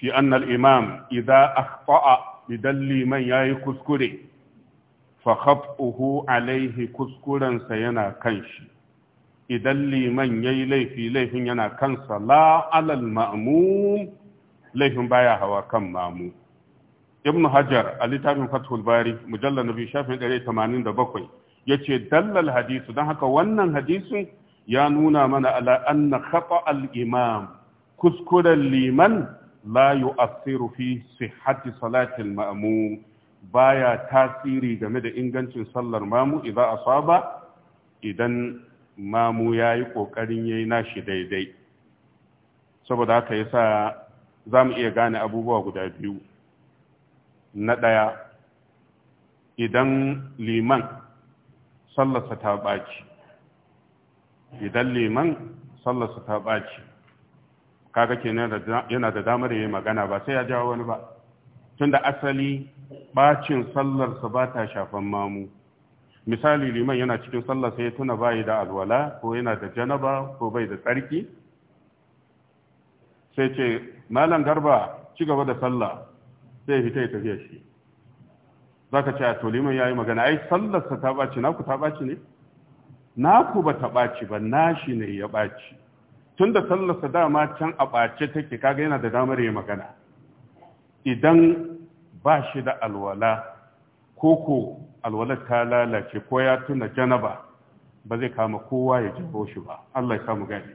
fi annal imam idza akhta'a bidalli man yayi kuskure fa khat'uhu alayhi kuskuren sa yana kan shi idan liman ya yi laifi laifin yana kansa la'alal ma'amum laifin baya hawa kan mamu ibn hajar a littafin fathul bari mujallar na biyu shafin 187 ya ce dallal hadisu don haka wannan hadisu ya nuna mana ala anna khata al-imam kuskuren liman la yu'assiru fi sihhati salatil ma'mum baya tasiri game da ingancin sallar mamu idan asaba idan mamu ya yi ƙoƙarin ya yi nashi daidai saboda haka ya sa za mu iya gane abubuwa guda biyu na ɗaya idan liman sallarsa ta ɓaci idan liman sallasa ta ɓaci kaga yana da damar ya yi magana ba sai ya jawo wani ba tunda asali ɓacin sallarsa ba ta shafan mamu misali liman yana cikin sallah sai ya tuna bayi da alwala ko yana da janaba ko bai da tsarki sai ce malam garba ci gaba da sallah sai fita ya tafiya shi za ka ce to liman ya yi magana ai sallarsa ta ɓaci naku ta ɓaci ne naku ba ta ɓaci ba nashi ne ya ɓaci tun da sallarsa dama can a ɓace take kaga yana da damar ya magana idan ba shi da alwala koko alwalar ta lalace ko ya tuna janaba ba zai kama kowa ya jawo shi ba Allah ya kama gani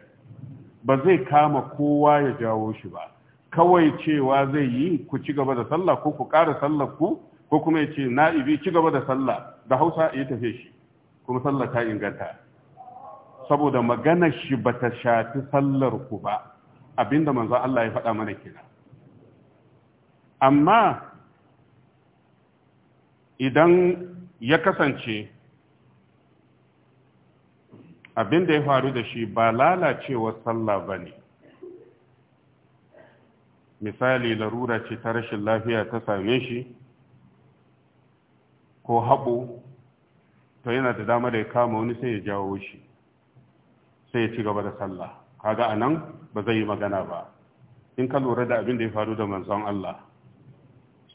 ba zai kama kowa ya jawo shi ba kawai cewa zai yi ku ci gaba da sallah ko ku ƙara sallah ku ko kuma ya ce na'ibi ci gaba da sallah da hausa ya tafe shi kuma sallah ta inganta saboda magana shi ba ta shafi sallar ku ba abinda manzo Allah ya faɗa mana kenan amma idan ya kasance abin da ya faru da shi ba lalacewar sallah ba ne misali larura ce ta rashin lafiya ta same shi ko haɓo to yana da dama da ya kama wani sai ya jawo shi sai ya ci gaba da sallah kaga a nan ba zai yi magana ba in ka lura da abin da ya faru da manzon Allah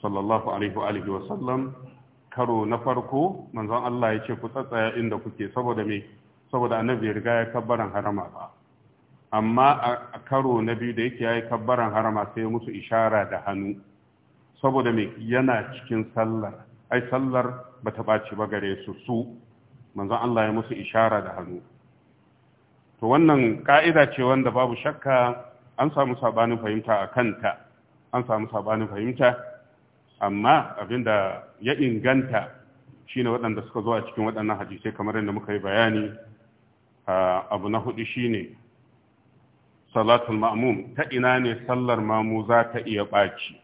sallallahu alaihi wa sallam karo na farko manzon Allah ya ce ku tsatsaya inda kuke saboda me saboda annabi ya riga ya kabbaran harama ba amma a karo na biyu da yake yayi kabbaran harama sai ya musu ishara da hannu saboda me yana cikin sallar ai sallar ba ta ɓaci ba gare su su manzon Allah ya musu ishara da hannu to wannan ka'ida ce wanda babu shakka an samu sabanin fahimta a kanta an samu sabanin fahimta amma abinda ya inganta shi ne waɗanda suka zo a cikin waɗannan hadisai kamar yadda muka yi bayani abu na hudu shi shine salatul ma'amun ta ina ne sallar mamu za ta iya ɓaci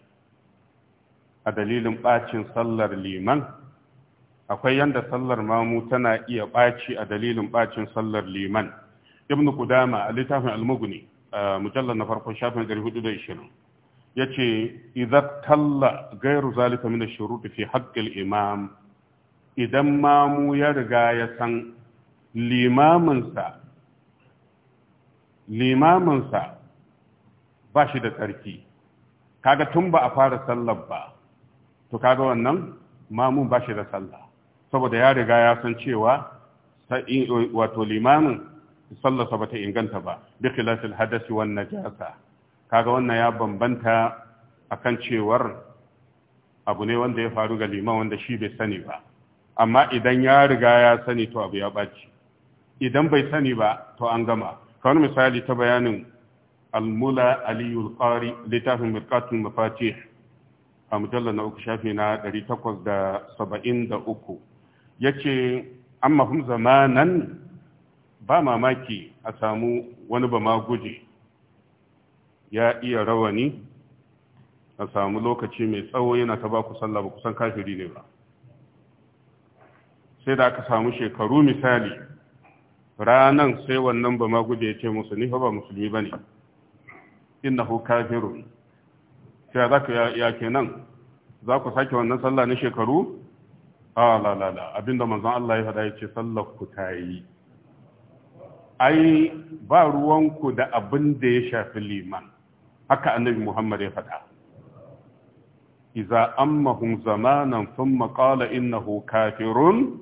a dalilin ɓacin sallar liman akwai yanda sallar mamu tana iya ɓaci a dalilin ɓacin sallar liman ibn kudama a littafin almuguni mujallar na farko shafin 420 yace idza talla gairu zalika min ash-shurut fi haqqil imam idan mamu ya riga ya san limaminsa limaminsa ba shi da tsarki kaga tun ba a fara sallar ba to kaga wannan mamun ba shi da sallah saboda ya riga ya san cewa wato limamin sallarsa ba ta inganta ba bi khilafil hadasi wan najasa kaga wannan ya bambanta akan cewar abu ne wanda ya faru ga liman wanda shi bai sani ba amma idan ya riga ya sani to abu ya baci. idan bai sani ba to an gama kawai misali ta bayanin almula aliyul qari littafin Mirkatun mafati a mujallar na uku shafi na 873 ce an mafi zamanan ba mamaki a samu wani ba ma guje ya iya rawani a samu lokaci mai tsawo yana ta ba ku sallah ba kusan kafiri ne ba sai da aka samu shekaru misali ranan sai wannan ba ma ya ce musu ni ba musulmi ba ne innahu kafiru sai za ku ya kenan za ku sake wannan sallah na shekaru a abinda manzan Allah ya faɗa ya ce sallah ku ta yi ai ba ruwanku da abin da ya shafi liman haka annabi Muhammad ya faɗa iza ammahum zamanan thumma qala innahu kafirun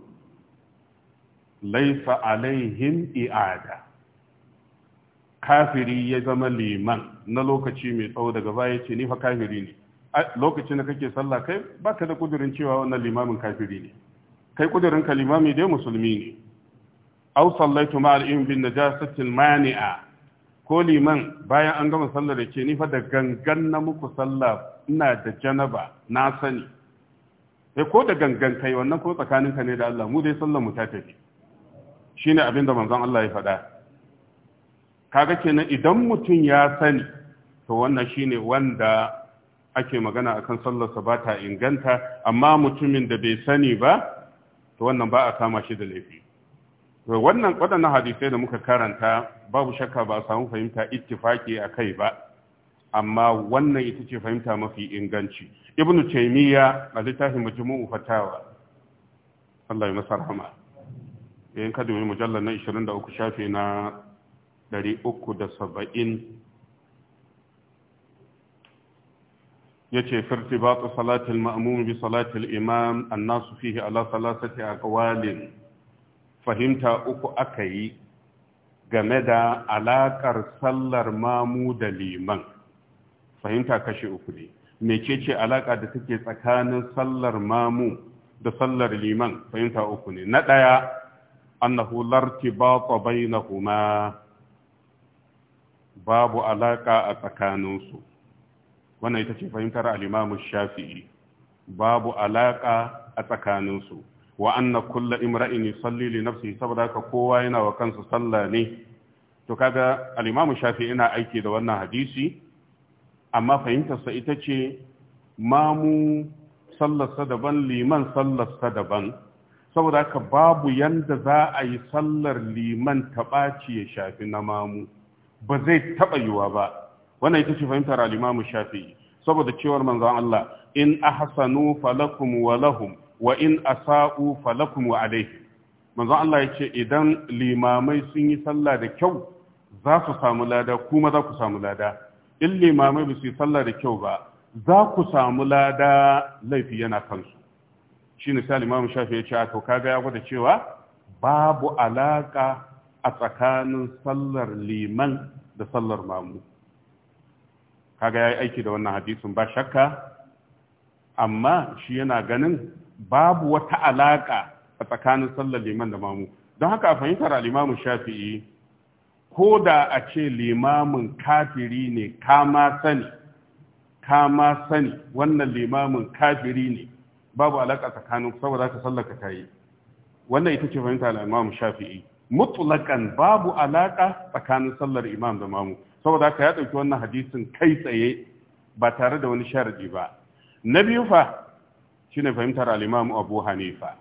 laifa alaihim i'ada kafiri ya zama liman na lokaci mai tsawo daga baya ce ni fa kafiri ne lokacin da kake sallah kai ka da kudurin cewa wannan limamin kafiri ne kai kudurin ka limami dai musulmi ne aw sallaitu ma'al bin najasatil mani'a ko liman bayan an gama sallar da ke nifa da gangan na muku sallar, ina da janaba na sani sai ko da gangan kai wannan ko tsakaninka ne da Allah mu dai sallar mu ta tafi shine abin da manzon Allah ya faɗa kaga kenan idan mutum ya sani to wannan shine wanda ake magana akan sallarsa ba ta inganta amma mutumin da bai sani ba to wannan ba a kama shi da laifi wannan waɗannan hadisai da muka karanta babu shakka ba samu fahimta ittifaki a kai ba amma wannan ita ce fahimta mafi inganci ibn taymiya a littafin majmu'u fatawa Allah ya masa rahama yayin eh, ka dubi mujallal na 23 shafi na 370 yace firtibatu salatil ma'mum bi salatil imam an-nasu fihi ala salasati aqwalin fahimta uku aka yi game da alaƙar sallar mamu da liman fahimta kashe uku ne mece ce alaƙa da take tsakanin sallar mamu da sallar liman fahimta uku ne na ɗaya annahu na kuma babu alaƙa a tsakaninsu wannan ita ce fahimtar al shafi'i babu alaƙa a tsakaninsu wa anna kulla imra'in yusalli li nafsihi saboda kowa yana wa kansa sallah ne to kaga al-Imam shafi yana aiki da wannan hadisi amma fahimtarsa ita ce mamu sallarsa daban liman sallarsa daban saboda haka babu yanda za a yi sallar liman taɓaci ya shafi na mamu ba zai taɓa yiwa ba wannan ita ce fahimtar al-Imam shafi saboda cewar manzon Allah in ahsanu falakum wa lahum wa in asa'u falakum wa alayhi manzo Allah yace idan limamai sun yi sallah da kyau za su samu lada kuma za ku samu lada in limamai ba su yi sallah da kyau ba za ku samu lada laifi yana kansu shi ne sai limamu shafi ya ce to kaga ya gwada cewa babu alaka a tsakanin sallar liman da sallar mamu kaga ya yi aiki da wannan hadisin ba shakka amma shi yana ganin babu wata alaka a tsakanin sallar liman da mamu don haka a fahimtar alimamu shafi'i ko da a ce limamin kafiri ne kama sani kama sani wannan limamin kafiri ne babu alaka tsakanin saboda ka sallar ta yi wannan ita ce fahimta al'imamu shafi'i mutulakan babu alaka tsakanin sallar imam da mamu saboda haka ya ɗauki wannan hadisin kai tsaye ba tare da wani sharadi ba na biyu fa shine fahimtar al Abu Hanifa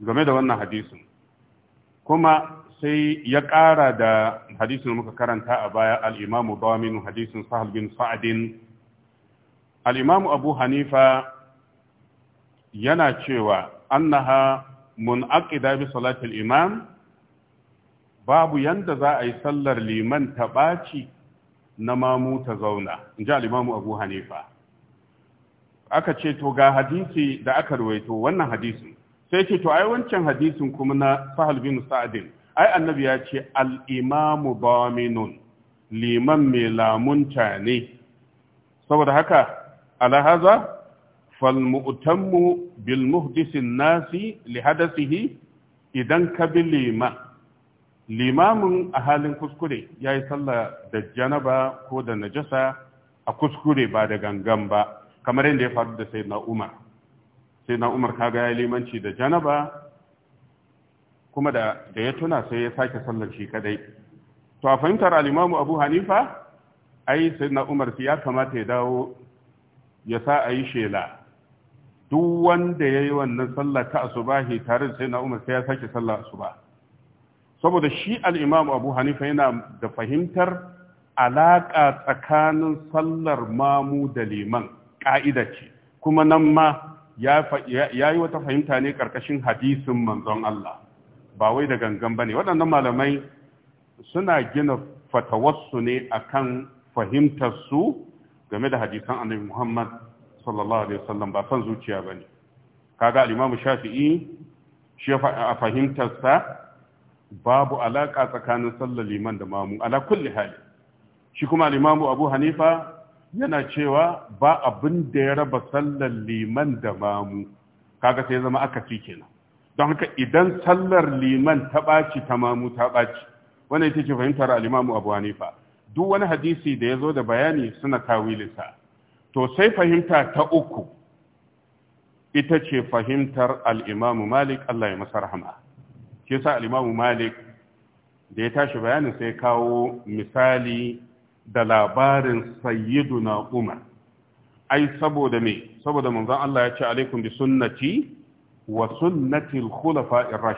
game da wannan hadisin kuma sai ya ƙara da hadisin muka karanta a baya al-Imam Bawamin hadisin Sahal bin Sa'adin al Abu Hanifa yana cewa annaha munaqida bi salatil imam babu yanda za a yi sallar liman ta ɓaci na mamu ta zauna in ji al-Imam Abu Hanifa aka ce to ga hadisi da aka ruwaito wannan hadisin sai ce to ai wancan hadisin kuma na sahal bin sa'adin ai annabi ya ce al-imamu baminun liman mai lamunta ne saboda haka ala haza fal mu'tammu bil muhdisin nasi li hadasihi idan ka bi liman limamin a halin kuskure ya yi sallah da janaba ko da najasa a kuskure ba da gangan ba kamar yadda ya faru da na Umar na Umar kaga ya limanci da janaba kuma da ya tuna sai ya sake sallar shi kadai to a fahimtar Alimamu Abu Hanifa ai na Umar ya kamata ya dawo ya sa a yi shela duk wanda ya yi wannan sallar ta asubahi tare da na Umar sai ya sake sallar asuba saboda shi Alimamu Abu Hanifa yana da fahimtar alaƙa tsakanin sallar mamu da liman ka'ida ce kuma nan ma ya yi wata fahimta ne ƙarƙashin hadisin manzon Allah ba wai da gangan ba ne. waɗannan malamai suna gina fatawarsu ne akan fahimtar su game da hadisan annabi Muhammad sallallahu alaihi wasallam ba son zuciya ba ne. kaga ga Shafi'i shi a fahimtarsa babu alaƙa tsakanin sallar liman da mamu ala kulli hali shi kuma alimamu Abu Hanifa yana cewa ba abin da ya raba sallar liman da mamu kaga sai zama aka ci kenan don haka idan sallar liman ta ɓaci ta mamu ta ɓaci wannan ita ce fahimtar alimamu abu hanifa duk wani hadisi da ya zo da bayani suna tawilinsa to sai fahimta ta uku ita ce fahimtar al'imamu malik allah ya masa rahama shi sa al'imamu malik da ya tashi bayanin sai kawo misali da labarin sayyiduna umar ai saboda me saboda manzon Allah ya ce alaikum bi sunnati wa sunnati al-khulafa'ir ka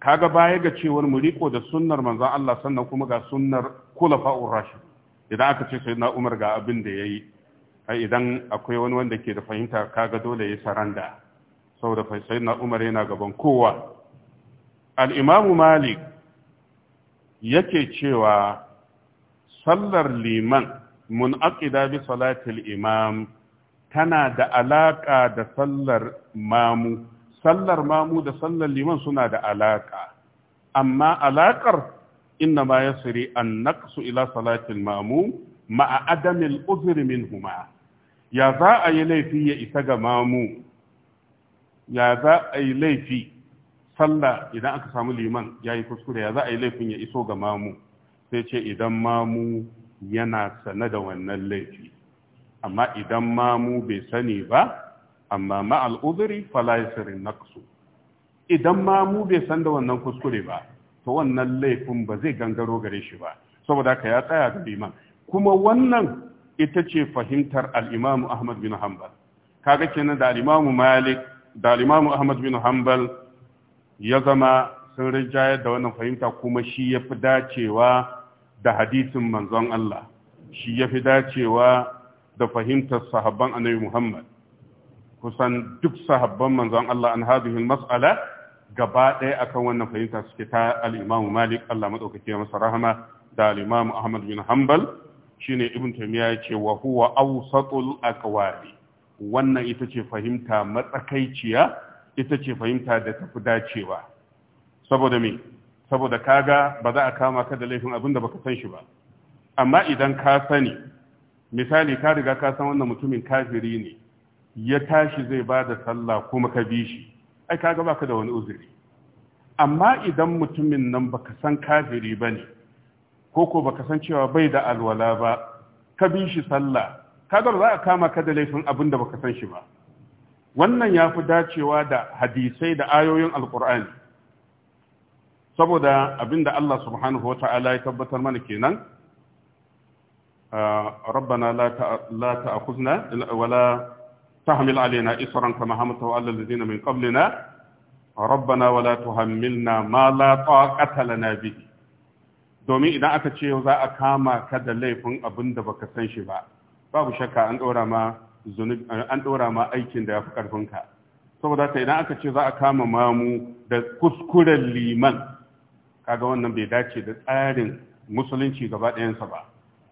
kaga baya ga cewar mu riko da sunnar manzon Allah sannan kuma ga sunnar khulafa'ur rashid idan aka ce na umar ga abin da yayi ai idan akwai wani wanda ke da fahimta kaga dole ya saranda saboda na umar yana gaban kowa al-imamu malik yake cewa sallar liman munaqida bi salatil imam tana da alaƙa da sallar mamu sallar mamu da sallar liman suna da alaƙa amma alaƙar inna ma yasri an naqsu ila salatil mamu ma'a adamil uzri minhuma ya za a yi laifi ya isa ga mamu ya za a yi laifi sallah idan aka samu liman ya yi kuskure ya za a yi laifin ya iso ga mamu sai ce idan mamu yana sane da wannan laifi amma idan mamu bai sani ba amma ma'al uzuri fala naqsu idan mamu bai san da wannan kuskure ba to wannan laifin ba zai gangaro gare shi ba saboda ka ya tsaya ga liman kuma wannan ita ce fahimtar al Ahmad bin Hanbal kaga kenan da Malik da al Ahmad bin Hanbal ya zama sun rinjayar da wannan fahimta kuma shi ya fi dacewa da hadisin manzon Allah shi ya fi dacewa da fahimtar sahabban annabi Muhammad kusan duk sahabban manzon Allah an hadhihi mas'ala gaba ɗaya akan wannan fahimta suke ta al-Imam Malik Allah madaukake masa rahama da al-Imam Ahmad bin Hanbal shine Ibn Taymiyyah yace wa huwa awsatul aqwali wannan ita ce fahimta matsakaiciya ita ce fahimta da tafi dacewa saboda me saboda kaga ba za a kama ka da laifin abin da baka san shi ba amma idan ka sani misali ka riga ka san wannan mutumin kafiri ne ya tashi zai ba da sallah kuma ka bi shi ai kaga baka da wani uzuri amma idan mutumin nan baka san kafiri bane ko ko baka san cewa bai da alwala ba ka bi shi sallah kaga ba za a kama ka da laifin abin da baka san shi ba wannan ya fi dacewa da hadisai da ayoyin alkur'ani saboda abinda Allah subhanahu wata'ala ya tabbatar mana kenan rabbana la ta'khuzna wala tahmil alaina isran kama hamaltahu ala alladhina min qablina rabbana wala tuhammilna ma la taqata lana bihi domin idan aka ce za a kama ka da laifin abin da baka san shi ba babu shakka an ɗora ma an ma aikin da ya fi ka. saboda ta idan aka ce za a kama mamu da kuskuren liman kaga wannan bai dace da tsarin musulunci gaba ɗayansa ba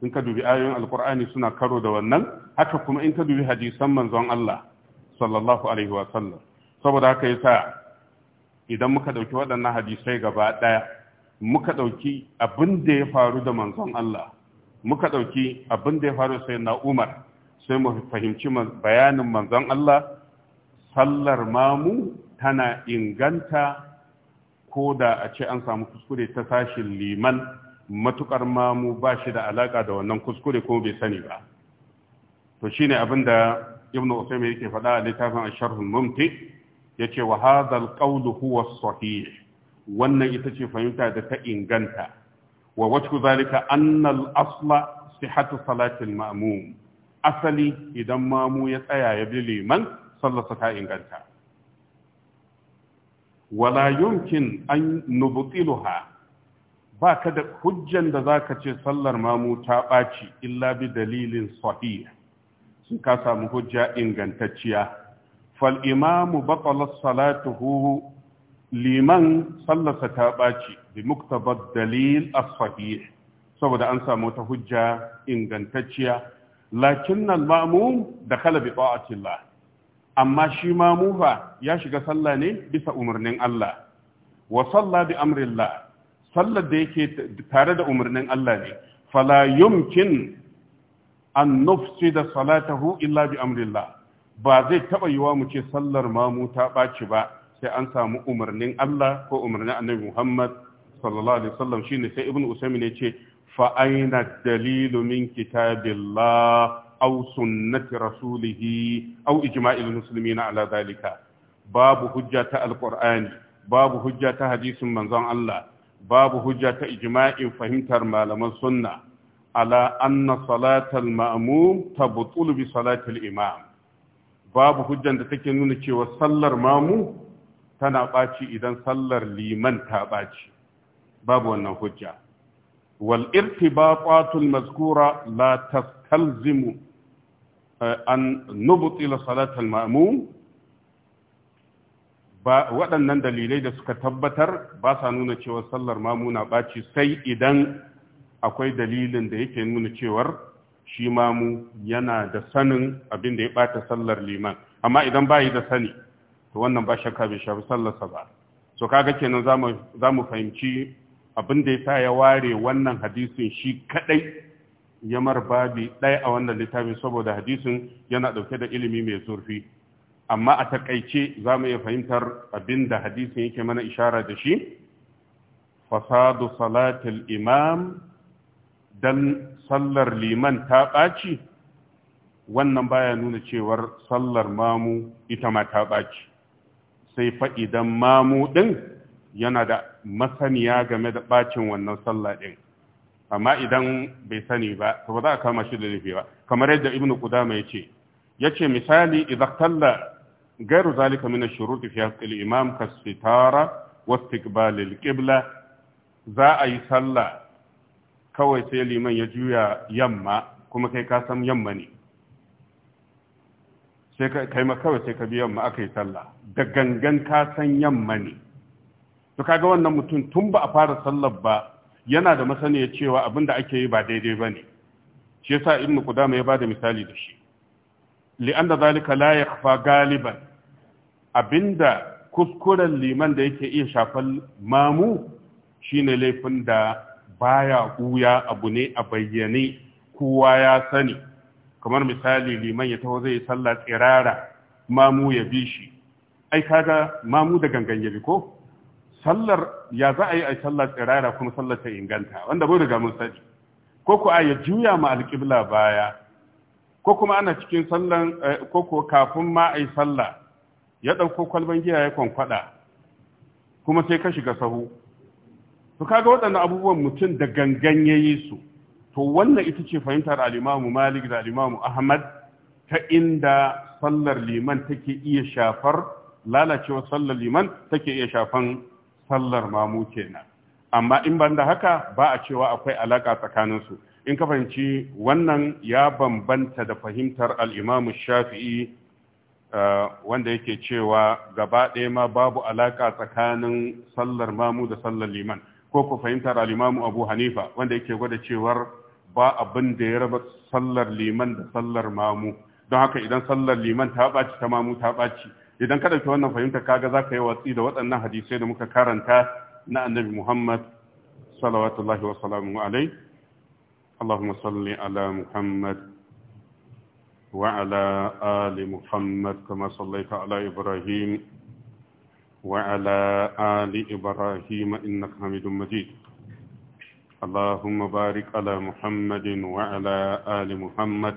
in ka dubi ayoyin alkur'ani suna karo da wannan haka kuma in ka dubi hadisan manzon Allah sallallahu alaihi wa sallam saboda haka yasa idan muka dauki waɗannan hadisai gaba ɗaya muka dauki abin da ya faru da manzon Allah muka dauki abin da ya faru sai na Umar sai mu fahimci bayanin manzon Allah sallar mamu tana inganta ko da a ce an samu kuskure ta sashin liman matukar mamu ba shi da alaka da wannan kuskure ko bai sani ba to shine abin da ibnu usaymin yake faɗa a littafin asharhul mumti yace wa hadha alqawlu huwa sahih wannan ita ce fahimta da ta inganta wa wajhu zalika anna al-asla sihhatu salati al-ma'mum asali idan mamu ya tsaya ya bi liman sallarsa ta inganta wala yumkin an nubtiluha ba ka da hujjan da zaka ce sallar mamu ta ɓaci illa bi dalilin sahih sun ka samu hujja ingantacciya fal imamu batala salatuhu liman sallarsa ta ɓaci bi muktabar dalil as-sahih saboda an samu ta hujja ingantacciya lakin mamu da kala bi ta'atillah amma shi ma mufa ya shiga sallah ne bisa umarnin Allah wa salla bi amrillah sallar da yake tare da umarnin Allah ne fala yumkin an da salatahu illa bi amrillah ba zai taba yiwa mu ce sallar mamu ta ɓaci ba sai an samu umarnin Allah ko umarnin Annabi Muhammad sallallahu alaihi wasallam shine sai Ibn Usaymin ya ce fa aina dalilu min kitabillah aw sunnati rasulih aw ijma'il muslimina ala zalika babu hujja ta alqur'ani babu hujja ta hadisin manzon Allah babu hujja ta ijma'in fahimtar malaman sunna ala anna salatal ma'mum tabtulu bi salatil imam babu hujjan da take nuna cewa sallar mamu tana ɓaci idan sallar liman ta ɓaci babu wannan hujja wal المذكورة لا la أن eh, an إلى صلاة المأموم ba waɗannan dalilai da suka tabbatar ba sa nuna cewa sallar mamuna ɓaci sai idan akwai dalilin da yake nuna cewar shi mamu yana da sanin abin da ya ɓata sallar liman amma idan ba yi da sani to wannan ba shakka bai shafi sallarsa ba so kaga kenan za mu fahimci abin da ya sa ya ware wannan hadisin shi kadai ya babi ɗaya a wannan littafin saboda hadisin yana ɗauke da ilimi mai zurfi amma a takaice za mu iya fahimtar abin da hadisin yake mana ishara da shi fasadu salatul imam dan sallar liman ta ɓaci wannan baya nuna cewar sallar mamu ita ma ta ɓaci sai fa'idan mamu ɗin yana da masaniya game da bacin wannan sallah din amma idan bai sani ba to ba za a kama shi da nufi ba kamar yadda ibnu qudama yace yace misali idza talla Gairu, غير ذلك من imam في حق الامام كالستاره واستقبال القبله za a yi sallah kawai sai liman ya juya yamma kuma kai ka san yamma ne sai kai ma kawai sai ka bi yamma aka yi sallah da gangan ka san yamma ne to kaga wannan mutum tun ba a fara sallar ba yana da masaniya cewa abin da ake yi ba daidai ba ne shi yasa ibnu qudama ya bada misali da shi anna zalika la yakhfa galiban abinda kuskuren liman da yake iya shafan mamu shine laifin da baya kuya abu ne a bayyane kowa ya sani kamar misali liman ya taho zai sallar tsirara mamu ya bi shi ai kaga mamu da gangan ya bi ko sallar ya za a yi a sallar tsirara kuma sallar ta inganta wanda bai riga mun ko ko a ya juya ma alƙibla baya ko kuma ana cikin sallan eh, ko ko kafin ma a yi sallah ya ɗauko kwalban giya ya kwankwaɗa? kuma sai ka shiga sahu to kaga waɗannan abubuwan mutum da gangan ya yi su to wannan ita ce fahimtar alimamu malik da alimamu ahmad ta inda sallar liman take iya shafar lalacewar sallar liman take iya shafan sallar mamu kenan amma in banda haka ba a cewa akwai alaka tsakaninsu in ka fahimci wannan ya bambanta da fahimtar al'imamu shafi'i eh, wanda yake cewa gaba ɗaya ma babu alaƙa tsakanin sallar mamu da sallar liman ko ku fahimtar al'imamu abu hanifa wanda yake gwada cewar ba abin da ya raba sallar liman da sallar mamu don haka idan sallar liman ta ɓaci ta mamu ta ɓaci idan ka dauki wannan fahimta kaga ka yi watsi da waɗannan hadisai da muka karanta na annabi Muhammad sallallahu wa sallamu alai. Allahumma salli ala Muhammad wa ala ali Muhammad kama sallaita ala Ibrahim wa ala ali Ibrahim innaka Hamidum Majid اللهم بارك على محمد وعلى آل محمد